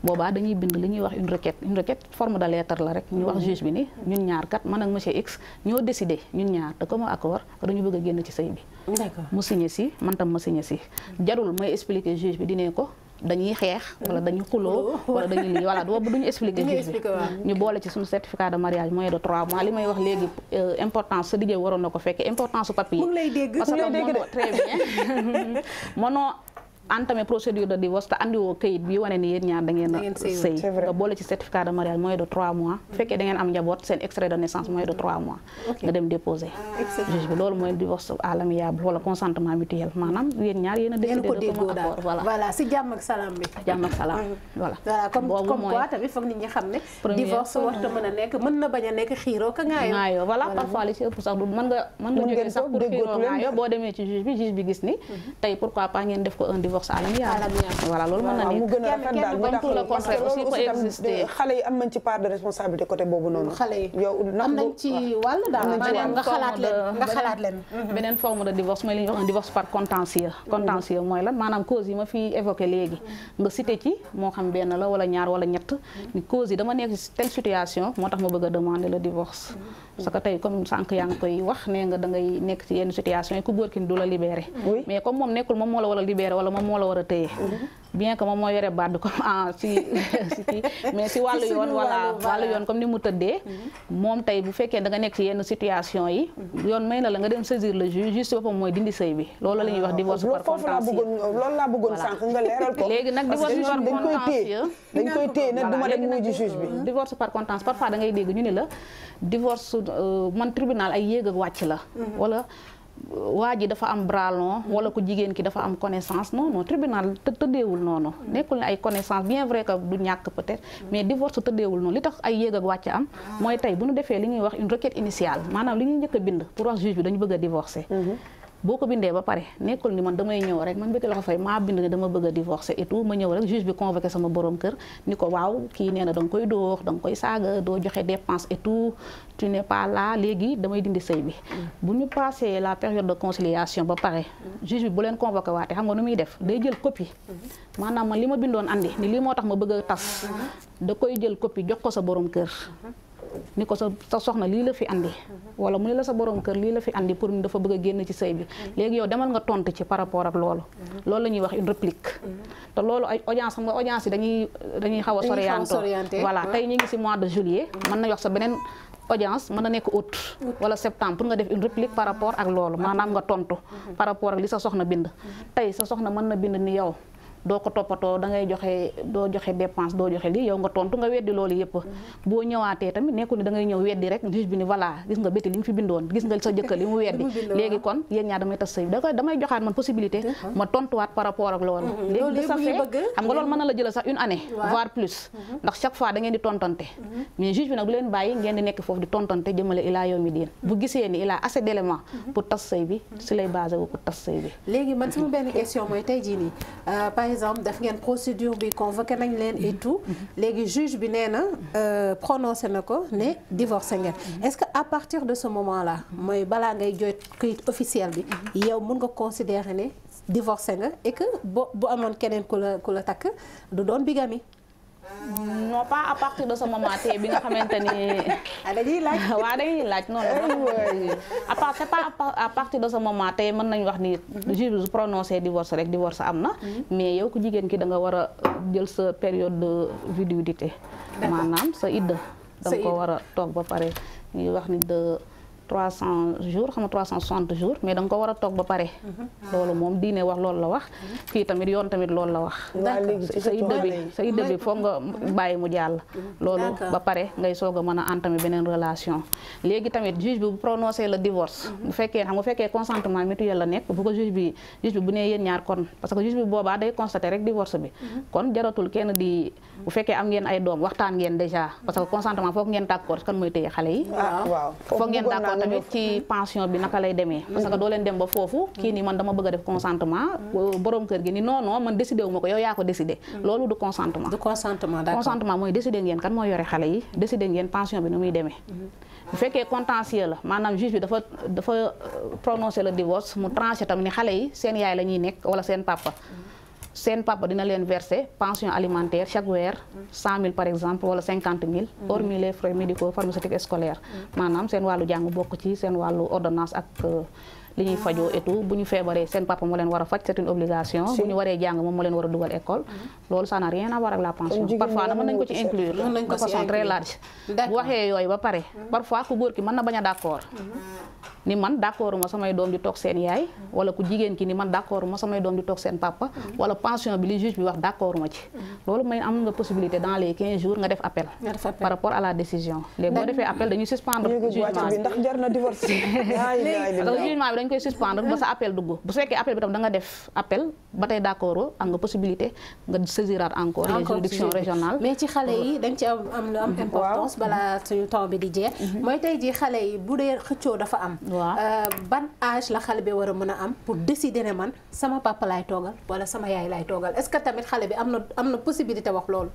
boobaa dañuy bind li ñuy wax une requête une requête forme de lettre la rek ñu wax juge bi ni ñun ñaar kat mën ak monsieur X ñoo décider ñun ñaar de commun accord dañu bëgg a ci sëy bi d'accord mu signé si man tam ma signé si. jarul may expliquer juge bi dine ko. dañuy xeex wala dañuy xuloo wala dañuy lii voilà boobu duñu expliquer juge bi ñu boole ci suñu certificat de mariage moyen de trois mois li may wax léegi euh, importance sa dijee waroon na ko fekkee importance su papier. mu mu lay dégg parce que entamé procédure de divorce te andiwoo kayit bi wane ni yéen ñaar da sëy boole ci certificat de mariage moins de trois mois mm. bu fekkee da am njaboot seen extrait de naissance moins de trois mois nga dem déposé juge bi loolu mooy divorce à l'amiable wala consentement mutuel maanaam yéen ñaar yéen a de commun accord voilà si jàmm salaam bi mm-hmm. comme quoi tamit foog nit ñi xam ne divorce waxta mën a nekk mën na bañ a nekk xiiroo ka ngaayoo ngaayoo voilà divorce à l'amiable voilà loolu mën na nekk kenn bañ tout le contraire aussi peut exister xale yi am nañ ci part de responsabilité côté boobu noonu xale yi yow am nañ ci wàll daal maanaam nga xalaat mhm. beneen forme de divorce mooy li divorce par contentieux mhm. contentieux mooy lan maanaam cause yi ma fi évoqué léegi mhm. nga cité ci moo xam benn la wala ñaar wala ñett ni cause yi dama nekk ci situation moo tax ma bëgg a demander divorce parce que tey comme sànq yaa ngi koy wax nee nga da ngay nekk ci yenn situation yi ku góor ki du moom moo la war a téye mhm. bien que moom moo yore baat bi comme ah si si kii mais si wàllu yoon voilà yoon comme ni mu tëddee mhm. moom tey bu fekkee da nga nekk si yenn situation yi mhm. yoon may na la nga dem saisir le juge juste boppam mooy dindi sëy bi loolu la ñuy wax ah, divorce par contentieux loolu laa bëggoon sànq nga leeral ko léegi nag divorce par contentieux dañ koy téye nag du ma dem mujj parfois da dégg ñu ni la divorce euh, man tribunal ay yéeg ak wàcc la wala waa ji dafa am bras long wala ko jigéen ki dafa am connaissance non non tribunal tëddeewul noonu nekkul ne ay connaissance bien vrai que du ñàkk peut-être mais divorce tëddeewul noonu li tax ay yéeg ak wàcc am mooy tey bu ñu defee li ñuy wax une requête initiale maanaam li ñuy njëkk a bind pour wax juge bi dañu bëgg a divorcer mhm. boo ko bindee ba pare nekkul ni man damay ñëw rek man Bété Loxo Faye maa bind ne dama bëgg a divorcer et ma ñëw rek juge bi convoqué sama borom kër ni ko waaw kii nee na danga koy dóor danga koy saaga doo joxe dépense et tout tu n'es pas léegi damay dindi sëy bi. Mm. bu ñu passé la période de conciliation ba pare. juge bi bu leen convoqué waatee xam nga nu muy def day jël copie. Mm. maanaam man li ma bindoon andi ni lii moo tax ma bëgg a tas. Mm. da koy jël copie jox ko sa borom kër. Mm-hmm. ni ko sa sa soxna lii la fi andi wala mu ne la sa borom kër lii la fi andi pour dafa bëgg a génn ci sëy bi léegi yow demal nga tontu ci par rapport ak loolu loolu la ñuy wax une réplique te loolu ay audience nga audience dañuy dañuy xaw a sorianto voilà tey ñu ngi si mois de juillet mën na yox sa beneen audience mën na nekk août wala septembre nga def une réplique par rapport ak loolu maanaam nga tontu par rapport ak li sa soxna bind tey sa soxna mën na bind ni yow doo ko toppatoo da ngay joxe doo joxe dépense doo joxe lii yow nga tontu nga weddi loolu yëpp mm-hmm. boo ñëwaatee tamit nekku ni da ngay ñëw weddi rek juge bi ni voilà gis nga bétti li ñu fi bindoon gis nga sa jëkkër li mu weddi léegi kon yéen ñaar damay tas sëy da koy damay joxaat man possibilité ma tontuwaat par rapport ak loolu mm-hmm. léegi de ça la jëlal sax une année voire plus mm-hmm. ndax di tontante mais juge bi nag du leen bàyyi ngeen di nekk foofu di tontante jëmale ilaa yow mi diin bu gisee ni il a assez d'éléments pour tas sëy bi si lay basé wu pour tas sëy bi exemple def ngeen procédure bi convoqué nañ leen et tout léegi juge bi nee na euh, prononcé na ko ne divorcé ngeen est-ce que à partir de ce moment là mooy balaa ngay jot këyit officiel bi yow mun nga considérer ne divorcé nga et que bo bu amoon keneen ku la ku la takk du doon bigamie non pas à partir de ce moment te bi nga xamante ni. dañuy laaj waaw dañuy laaj noonu à part c'est pas à partir de sa moment te mën nañ wax ni. juste prononcé divorce rek divorce am na. Hmm. mais yow ku jigéen ki da nga war a eh, jël sa période de viduité. Eh. maanaam sa idda. da ko war toog ba pare ñuy wax ni de. trois cent jours xam nga trois cent soixante jours mais da nga ko war a toog ba pare. Mm-hmm. loolu ah. moom diine wax loolu la wax. kii mm-hmm. tamit yoon tamit loolu la wax. sa idda bi sa idda bi foog nga mm-hmm. bàyyi mu jàll. loolu ba pare ngay soog a mën a entamer beneen relation. léegi tamit juge bi bu prononcé le divorce. bu fekkee xam nga bu fekkee consentement mutuel la nekk bu ko juge bi bu nee yéen ñaar kon parce que juge bi boobaa day constaté rek divorce bi. kon jaratul kenn di bu fekkee am ngeen ay doom waxtaan ngeen déjà parce que consentement foog ngeen d'accord kan mooy téye xale waxtaan tamit ci pension bi naka lay demee mm. parce que doo leen dem ba foofu kii nii man dama bëgg a def consentement mm. borom kër gi ni non man décidé wu ma ko yow yaa ko décidé mm. loolu du consentement consentement d'accord consentement mooy décidé ngeen kan moo yore xale yi décidé ngeen pension bi nu muy demee mm-hmm. bu fekkee contentieux la maanaam juge bi dafa dafa euh, prononcer le divorce mu tranché tamit ni xale yi seen yaay la nekk wala seen papa mm-hmm. seen papa dina leen verser pension alimentaire chaque weer cent mille par exemple wala cinquante mille mm. hormis les médicaux pharmaceutiques scolaires mm. maanaam seen wàllu jàng bokk ci seen wàllu ordonnance ak euh, li ñuy ah. fajoo et bu ñu feebaree seen papa moo leen war a faj c'est une obligation bu ñu waree jàng moom moo leen war a dugal école mm. loolu ça n'a rien la pension parfois na mën nañ ko ci inclure de façon large bu waxee yooyu ba pare parfois góor ki mën na bañ a d'accord ni man d'accord ma samay doom di toog seen yaay wala ku jigéen ki ni man d'accord ma samay doom di toog seen papa wala pension bi li juge bi wax d'accord ma ci loolu ba sa appel dugg bu fekkee appel bi tam da nga def appel ba tey d'accord am nga possibilité nga saisiraat encore les juridictions régionales mais ci xale yi dañ ci am am lu importance balaa suñu temps di jeex mhm. mooy tey ji xale yi bu dee xëccoo dafa am Euh, ban age la xale bi war a mën a am pour décider ne man sama papa laay toogal wala sama yaay laay toogal est-ce que tamit xale bi am na am na possibilité wax loolu.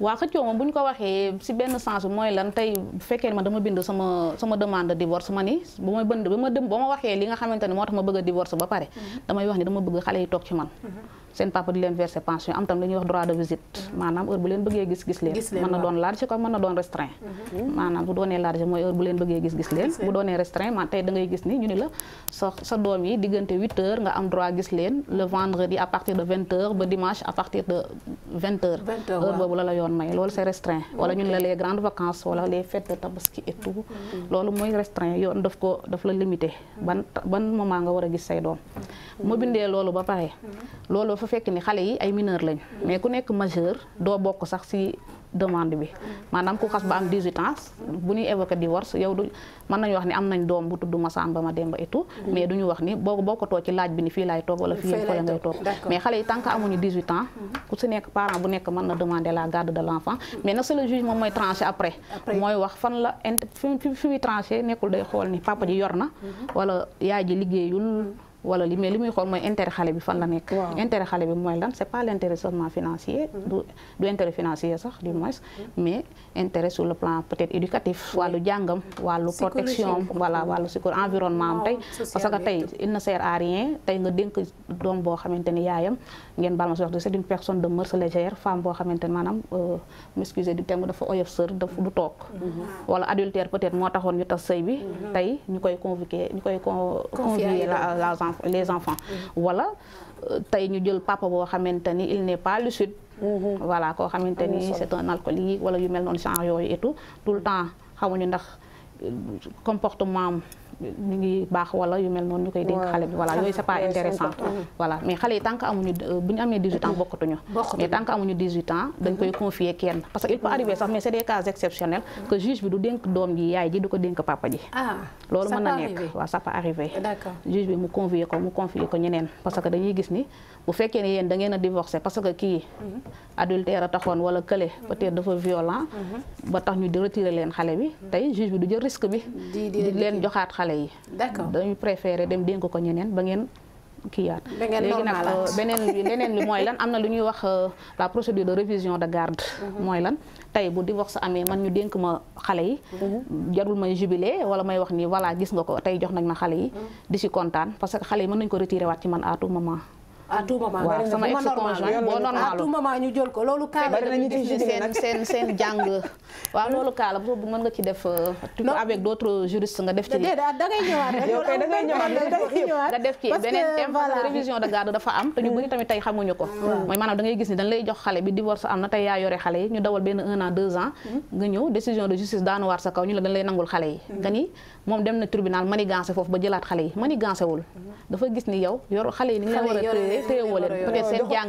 waa xëccoo moom bu ñu ko waxee si benn sens mooy lan tey bu fekkee ma dama bind sama sama demande de divorce ma ni ba ma bënd ba ma dem ba ma waxee li nga xamante ne moo tax ma bëgg a divorce ba pare. Mhm. damay wax ni dama bëgg xale yi toog ci man. Mhm. seen papa di leen verser pension am tam la wax droit de visite mm-hmm. maanaam heure bu leen bëggee gis gis leen mën na doon large comme mën na doon restreint mm-hmm. maanaam bu doonee large mooy heure bu leen bëggee gis gis leen bu doonee restreint man tey da ngay gis ni ñu ni la sa doom yi diggante huit heures nga am droit gis leen le vendredi à partir de vingt ba dimanche à partir de vingt heures heure boobu yoon may loolu c'est restreint wala ñu ni la mm-hmm. a gis say doom fekk ni xale yi ay mineur lañu mais ku nekk majeur doo bokk sax ci demande bi maanaam ku xas ba am 18 ans bu ñuy évoqué divorce yow du mën nañu wax ni am nañ doom bu tudd ma Mademba ma tout mm-hmm. mais du ñu wax ni boo bokkatoo ci laaj bi ni fii laay toog wala fii fële ngay toog mais xale yi tant que amuñu 18 ans mm-hmm. ku ci nekk parent bu nekk mën na demander la garde de l' enfant mm-hmm. mais nag c'est juge moom mooy tranché après mooy wax fan la int fi fi muy nekkul day xool ni papa ji yor na wala yaay ji liggéeyul wala li mais li muy xool mooy intérêt xale bi fan la nekk. intérêt xale bi mooy lan c' pas l' intérêt seulement financier. Mm-hmm. du du intérêt financier sax du moins. Mm-hmm. mais intérêt sur le plan peut éducatif. wàllu jàngam wàllu protection voilà wàllu psycho environnement am tey. parce que tey nga dénk doom boo xamante ni yaayam ngeen baal ma si wax de de mœurs légères femme boo xamante ni maanaam euh, m'excuser du terme dafa oyof sër dafa du toog. Mm-hmm. wala adultère peut être moo taxoon ñu tas sëy les enfants wala tey ñu jël papa boo xamante ni il ne pas lucide mm-hmm. voilà koo xamante ni c'est un alcoolique wala yu mel noonu genre yooyu et tout le temps xamuñu ndax euh, comportement mi ngi baax wala yu mel noonu ñu koy dénk xale bi voilà yooyu c'est pas intéressant voilà mais xale yi tant amuñu euh, bu ñu amee 18 ans bokkatuñu mais tant que amuñu 18 ans dañ koy confier kenn parce que il peut arriver sax mais c'est des cas exceptionnels que juge bi du dénk doom ji yaay ji du ko dénk papa ji ah, loolu mën na nekk waaw ça peut arriver juge bi mu confier ko mu confier ko ñeneen parce que dañuy gis ni bu fekkee ne yéen da ngeen a divorcé parce que kii adultère a taxoon wala kële peut-être dafa violent ba tax ñu di leen xale bi tey juge bi du jël risque bi di leen joxaat xale yi d'accord dañu préféré dem dénk ko ñeneen ba ngeen kiyaat léegi nag euh, beneen bi leneen li mooy lan am na lu ñuy wax euh, la procédure de révision de garde mhm. mooy lan tey bu divorce amee man ñu dénk ma xale yi mhm. jarul may jubilé wala may wax ni voilà gis nga ko tey jox nañ ma xale yi mhm. di si kontaan parce que xale yi mën nañ ko retiré waat ci man à tout moment à tout moment. waaw sama ex boo normal ko loolu kaa la seen seen seen jàng. waaw loolu kaa la boobu mën nga ci def. Euh, non avec d' autres juristes nga def ci. Ah, da ngay ñëwaat rek yow kay da ngay ñëwaat beneen thème révision de garde dafa am te ñu bëri mm. tamit tey xamuñu ko. mooy maanaam da ngay gis ni dañ lay jox xale bi divorce am na tey yaa yore xale yi ñu dawal benn un an deux ans. Mm. nga ñëw décision de justice daanu sa kaw ñu la dañ lay nangul xale yi. Mm. nga ni moom dem na tribunal manigancé foofu ba jëlaat xale yi manigancé wul dafa gis ni yow xale yi ni nga war a bari leen peut être seen jàng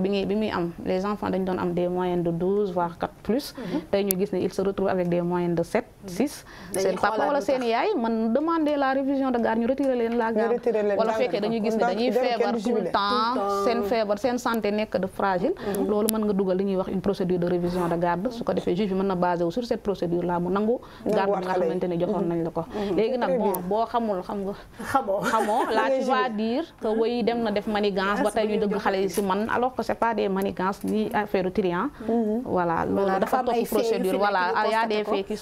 mi bi ngi am les enfants dañu doon am des moyennes de douze voire quatre plus mhm. tey gis ne ils se retrouvent avec des moyennes de sept mhm. six seen papa wala seen yaay man demander la révision de garde ñu retirer la garde wala fekkee dañuy gis ne dañuy feebar tout temps seen feebar seen santé nekk de fragile mhm. loolu mën nga dugal li ñuy wax une procédure de révision de garde su ko defee juge bi na basé sur cette procédure dire que woy dem na def manigance ba tey ñu dëgg xale yi si man alors que c'est pas des manigances ni affaire trian mm-hmm. voilà loolu dafa topp procédure voilà ah, y a des faits qui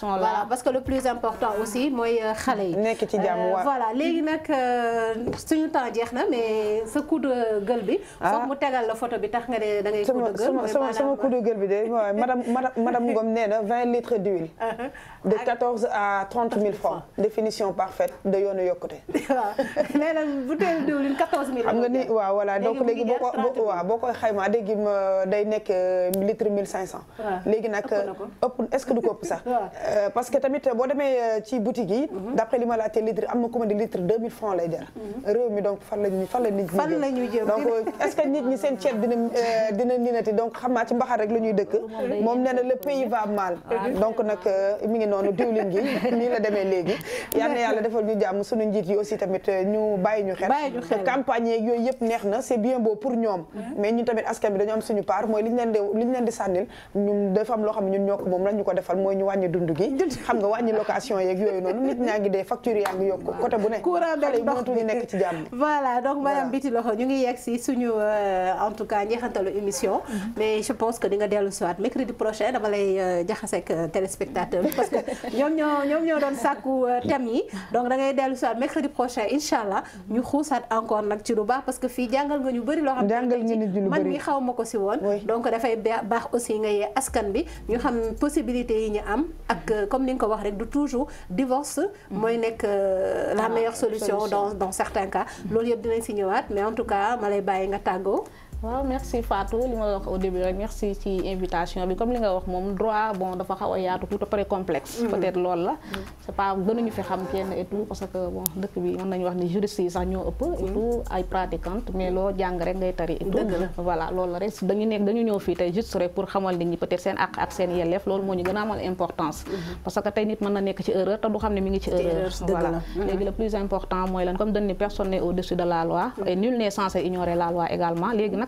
parce que le plus important aussi mooy euh, xale yi nekk ci jàmm waaw euh, léegi nag euh, suñu temps jeex na mais sa coup de gueule bi ah. foog mu tegal la photo bi tax nga da ngay coup de gueule sama coup de gueule bi de madame madame Ngom vingt litres d'huile uh-huh. de 14 à 30 000 francs définition parfaite de yoonu yokkute. na butéel diwlin 14 000. xam nga ni waaw voilà donc léegi boo ko waaw boo koy xaymaa léegi day nekk euh, litre 1500. waaw léegi nag euh, ëpp est-ce que du ko ëpp sax. Euh, parce que tamit boo demee ci boutique yi. Mhm. d'après li ma litre am na ku ma di litre 2000 francs lay jar. Mhm. réew mi donc fan la ñuy fan la nit la ñuy jëm donc est-ce que nit ñi seen ceeb dina dina donc xam naa ci mbaxar rek la ñuy dëkk. moom nee na le noonu diwlin gi nii la demee léegi yàlla defal ñu jàmm suñu njiit yi aussi tamit euh, ñu bàyyi ñu xel campagne yeeg yooyu yëpp neex na c'est bien beau pour ñoom mais ñun tamit askan bi dañu am suñu part mooy liñ leen di liñ leen di sànnil ñun dafa am loo xam ne ñun ñoo ko moom la ñu ko defal mooy ñu wàññi dund gi xam nga wàññi location yeeg yooyu noonu nit ñaa ngi dee facture yaa ngi yokku côté bu ne xale yi ñu ngi yegg si suñu euh, en tout cas njeexantalu émission mm-hmm. di nga dellu siwaat mercredi ñoom ñoo ñoom ñoo doon sàkku euh, thème yi donc da ngay dellu si waat mercredi prochain incha allah ñu xuusaat encore nag ci lu baax parce que fii jàngal nga ñu bëri loo xam ne man mi xaw ma ko si woon donc dafay baax aussi ngay askan bi ñu xam possibilité yi ñu am ak euh, comme ni nga ko wax rek du toujours divorce mooy nekk euh, la ah meilleure solution dans dans certains cas loolu yëpp dinañ si ñëwaat mais en tout cas ma lay bàyyi nga tàggoo waaw merci Fatou li ma la wax au début rek merci ci invitation bi comme li nga wax moom droit bon dafa xaw a yaatu tout à fait complexe. Mm-hmm. peut-être loolu la. c'est pas gënuñu fi xam kenn et parce que dëkk bi mën nañu wax ni juristes yi sax ñoo ëpp. et mm-hmm. ay pratiquantes mais loo jàng rek ngay tari. et tout voilà loolu la rek dañu nekk dañu ñëw fii tey juste rek pour xamal nit ñi peut-être seen àq ak seen yelleef loolu moo ñu gën a amal importance. Mm-hmm. parce que tey nit mën na nekk ci erreur léegi le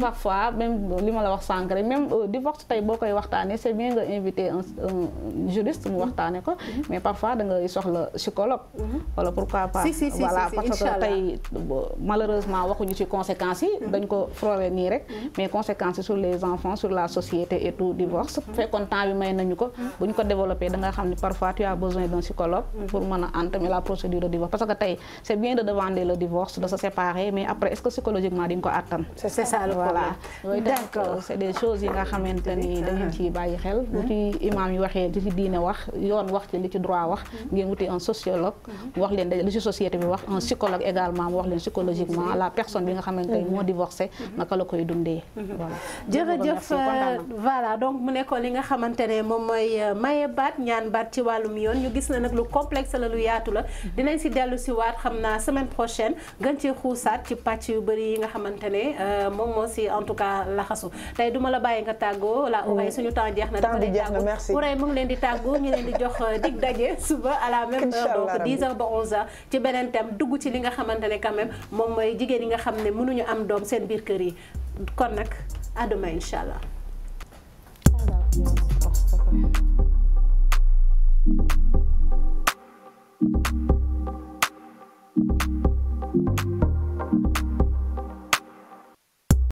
parfois même li wax sànq rek même euh, divorce tey boo koy waxtaanee c'est bien nga inviter un juriste mu waxtaanee ko mhm. mais parfois da ngay soxla psychologue. Mhm. wala pourquoi pas. si si si voilà parce que tey malheureusement waxuñu ci conséquences yi. Mhm. dañ ko frôler nii rek. mais conséquences yi sur les enfants sur la société et tout divorce. fekkoon temps nañu ko. bu ñu ko développé da xam ni parfois tu as besoin d'un psychologue. pour mën a entamer la procédure de divorce parce que tey c'est bien de demander le divorce de se séparer mais après est-ce que psychologiquement di ko attan. voilà donc c'est des choses yi nga xamante ni ah. da ngeen ci bàyyi xel bu ci imam yi waxee di ci diine wax yoon wax ci li ci droit wax ngeen wuti un sociologue bi wax un psychologue également mu wax leen psychologiquement la personne bi nga xamante ni moo divorcé naka la koy dundee voilà jërëjëf euh, voilà donc mu nekkoon li nga xamante ne moom mooy euh, maye baat ñaan baat ci wàllum yoon ñu gis na nag lu complexe la lu yaatu la dinañ si dellu si waat xam naa semaine prochaine gën ci xuusaat nga xamante ne euh, moom si aussi en tout cas laxasu tey duma la bàyyi nga tàggoo la Houraye suñu temps jeex na. temps di jeex na merci Houraye mu ngi leen di tàggoo ñu leen di jox euh, dig daje suba à la même heure donc 10h ci beneen thème dugg ci li nga xamante ne quand même moom mooy jigéen yi nga xam ne mënuñu am doom seen biir kër yi kon nag à demain incha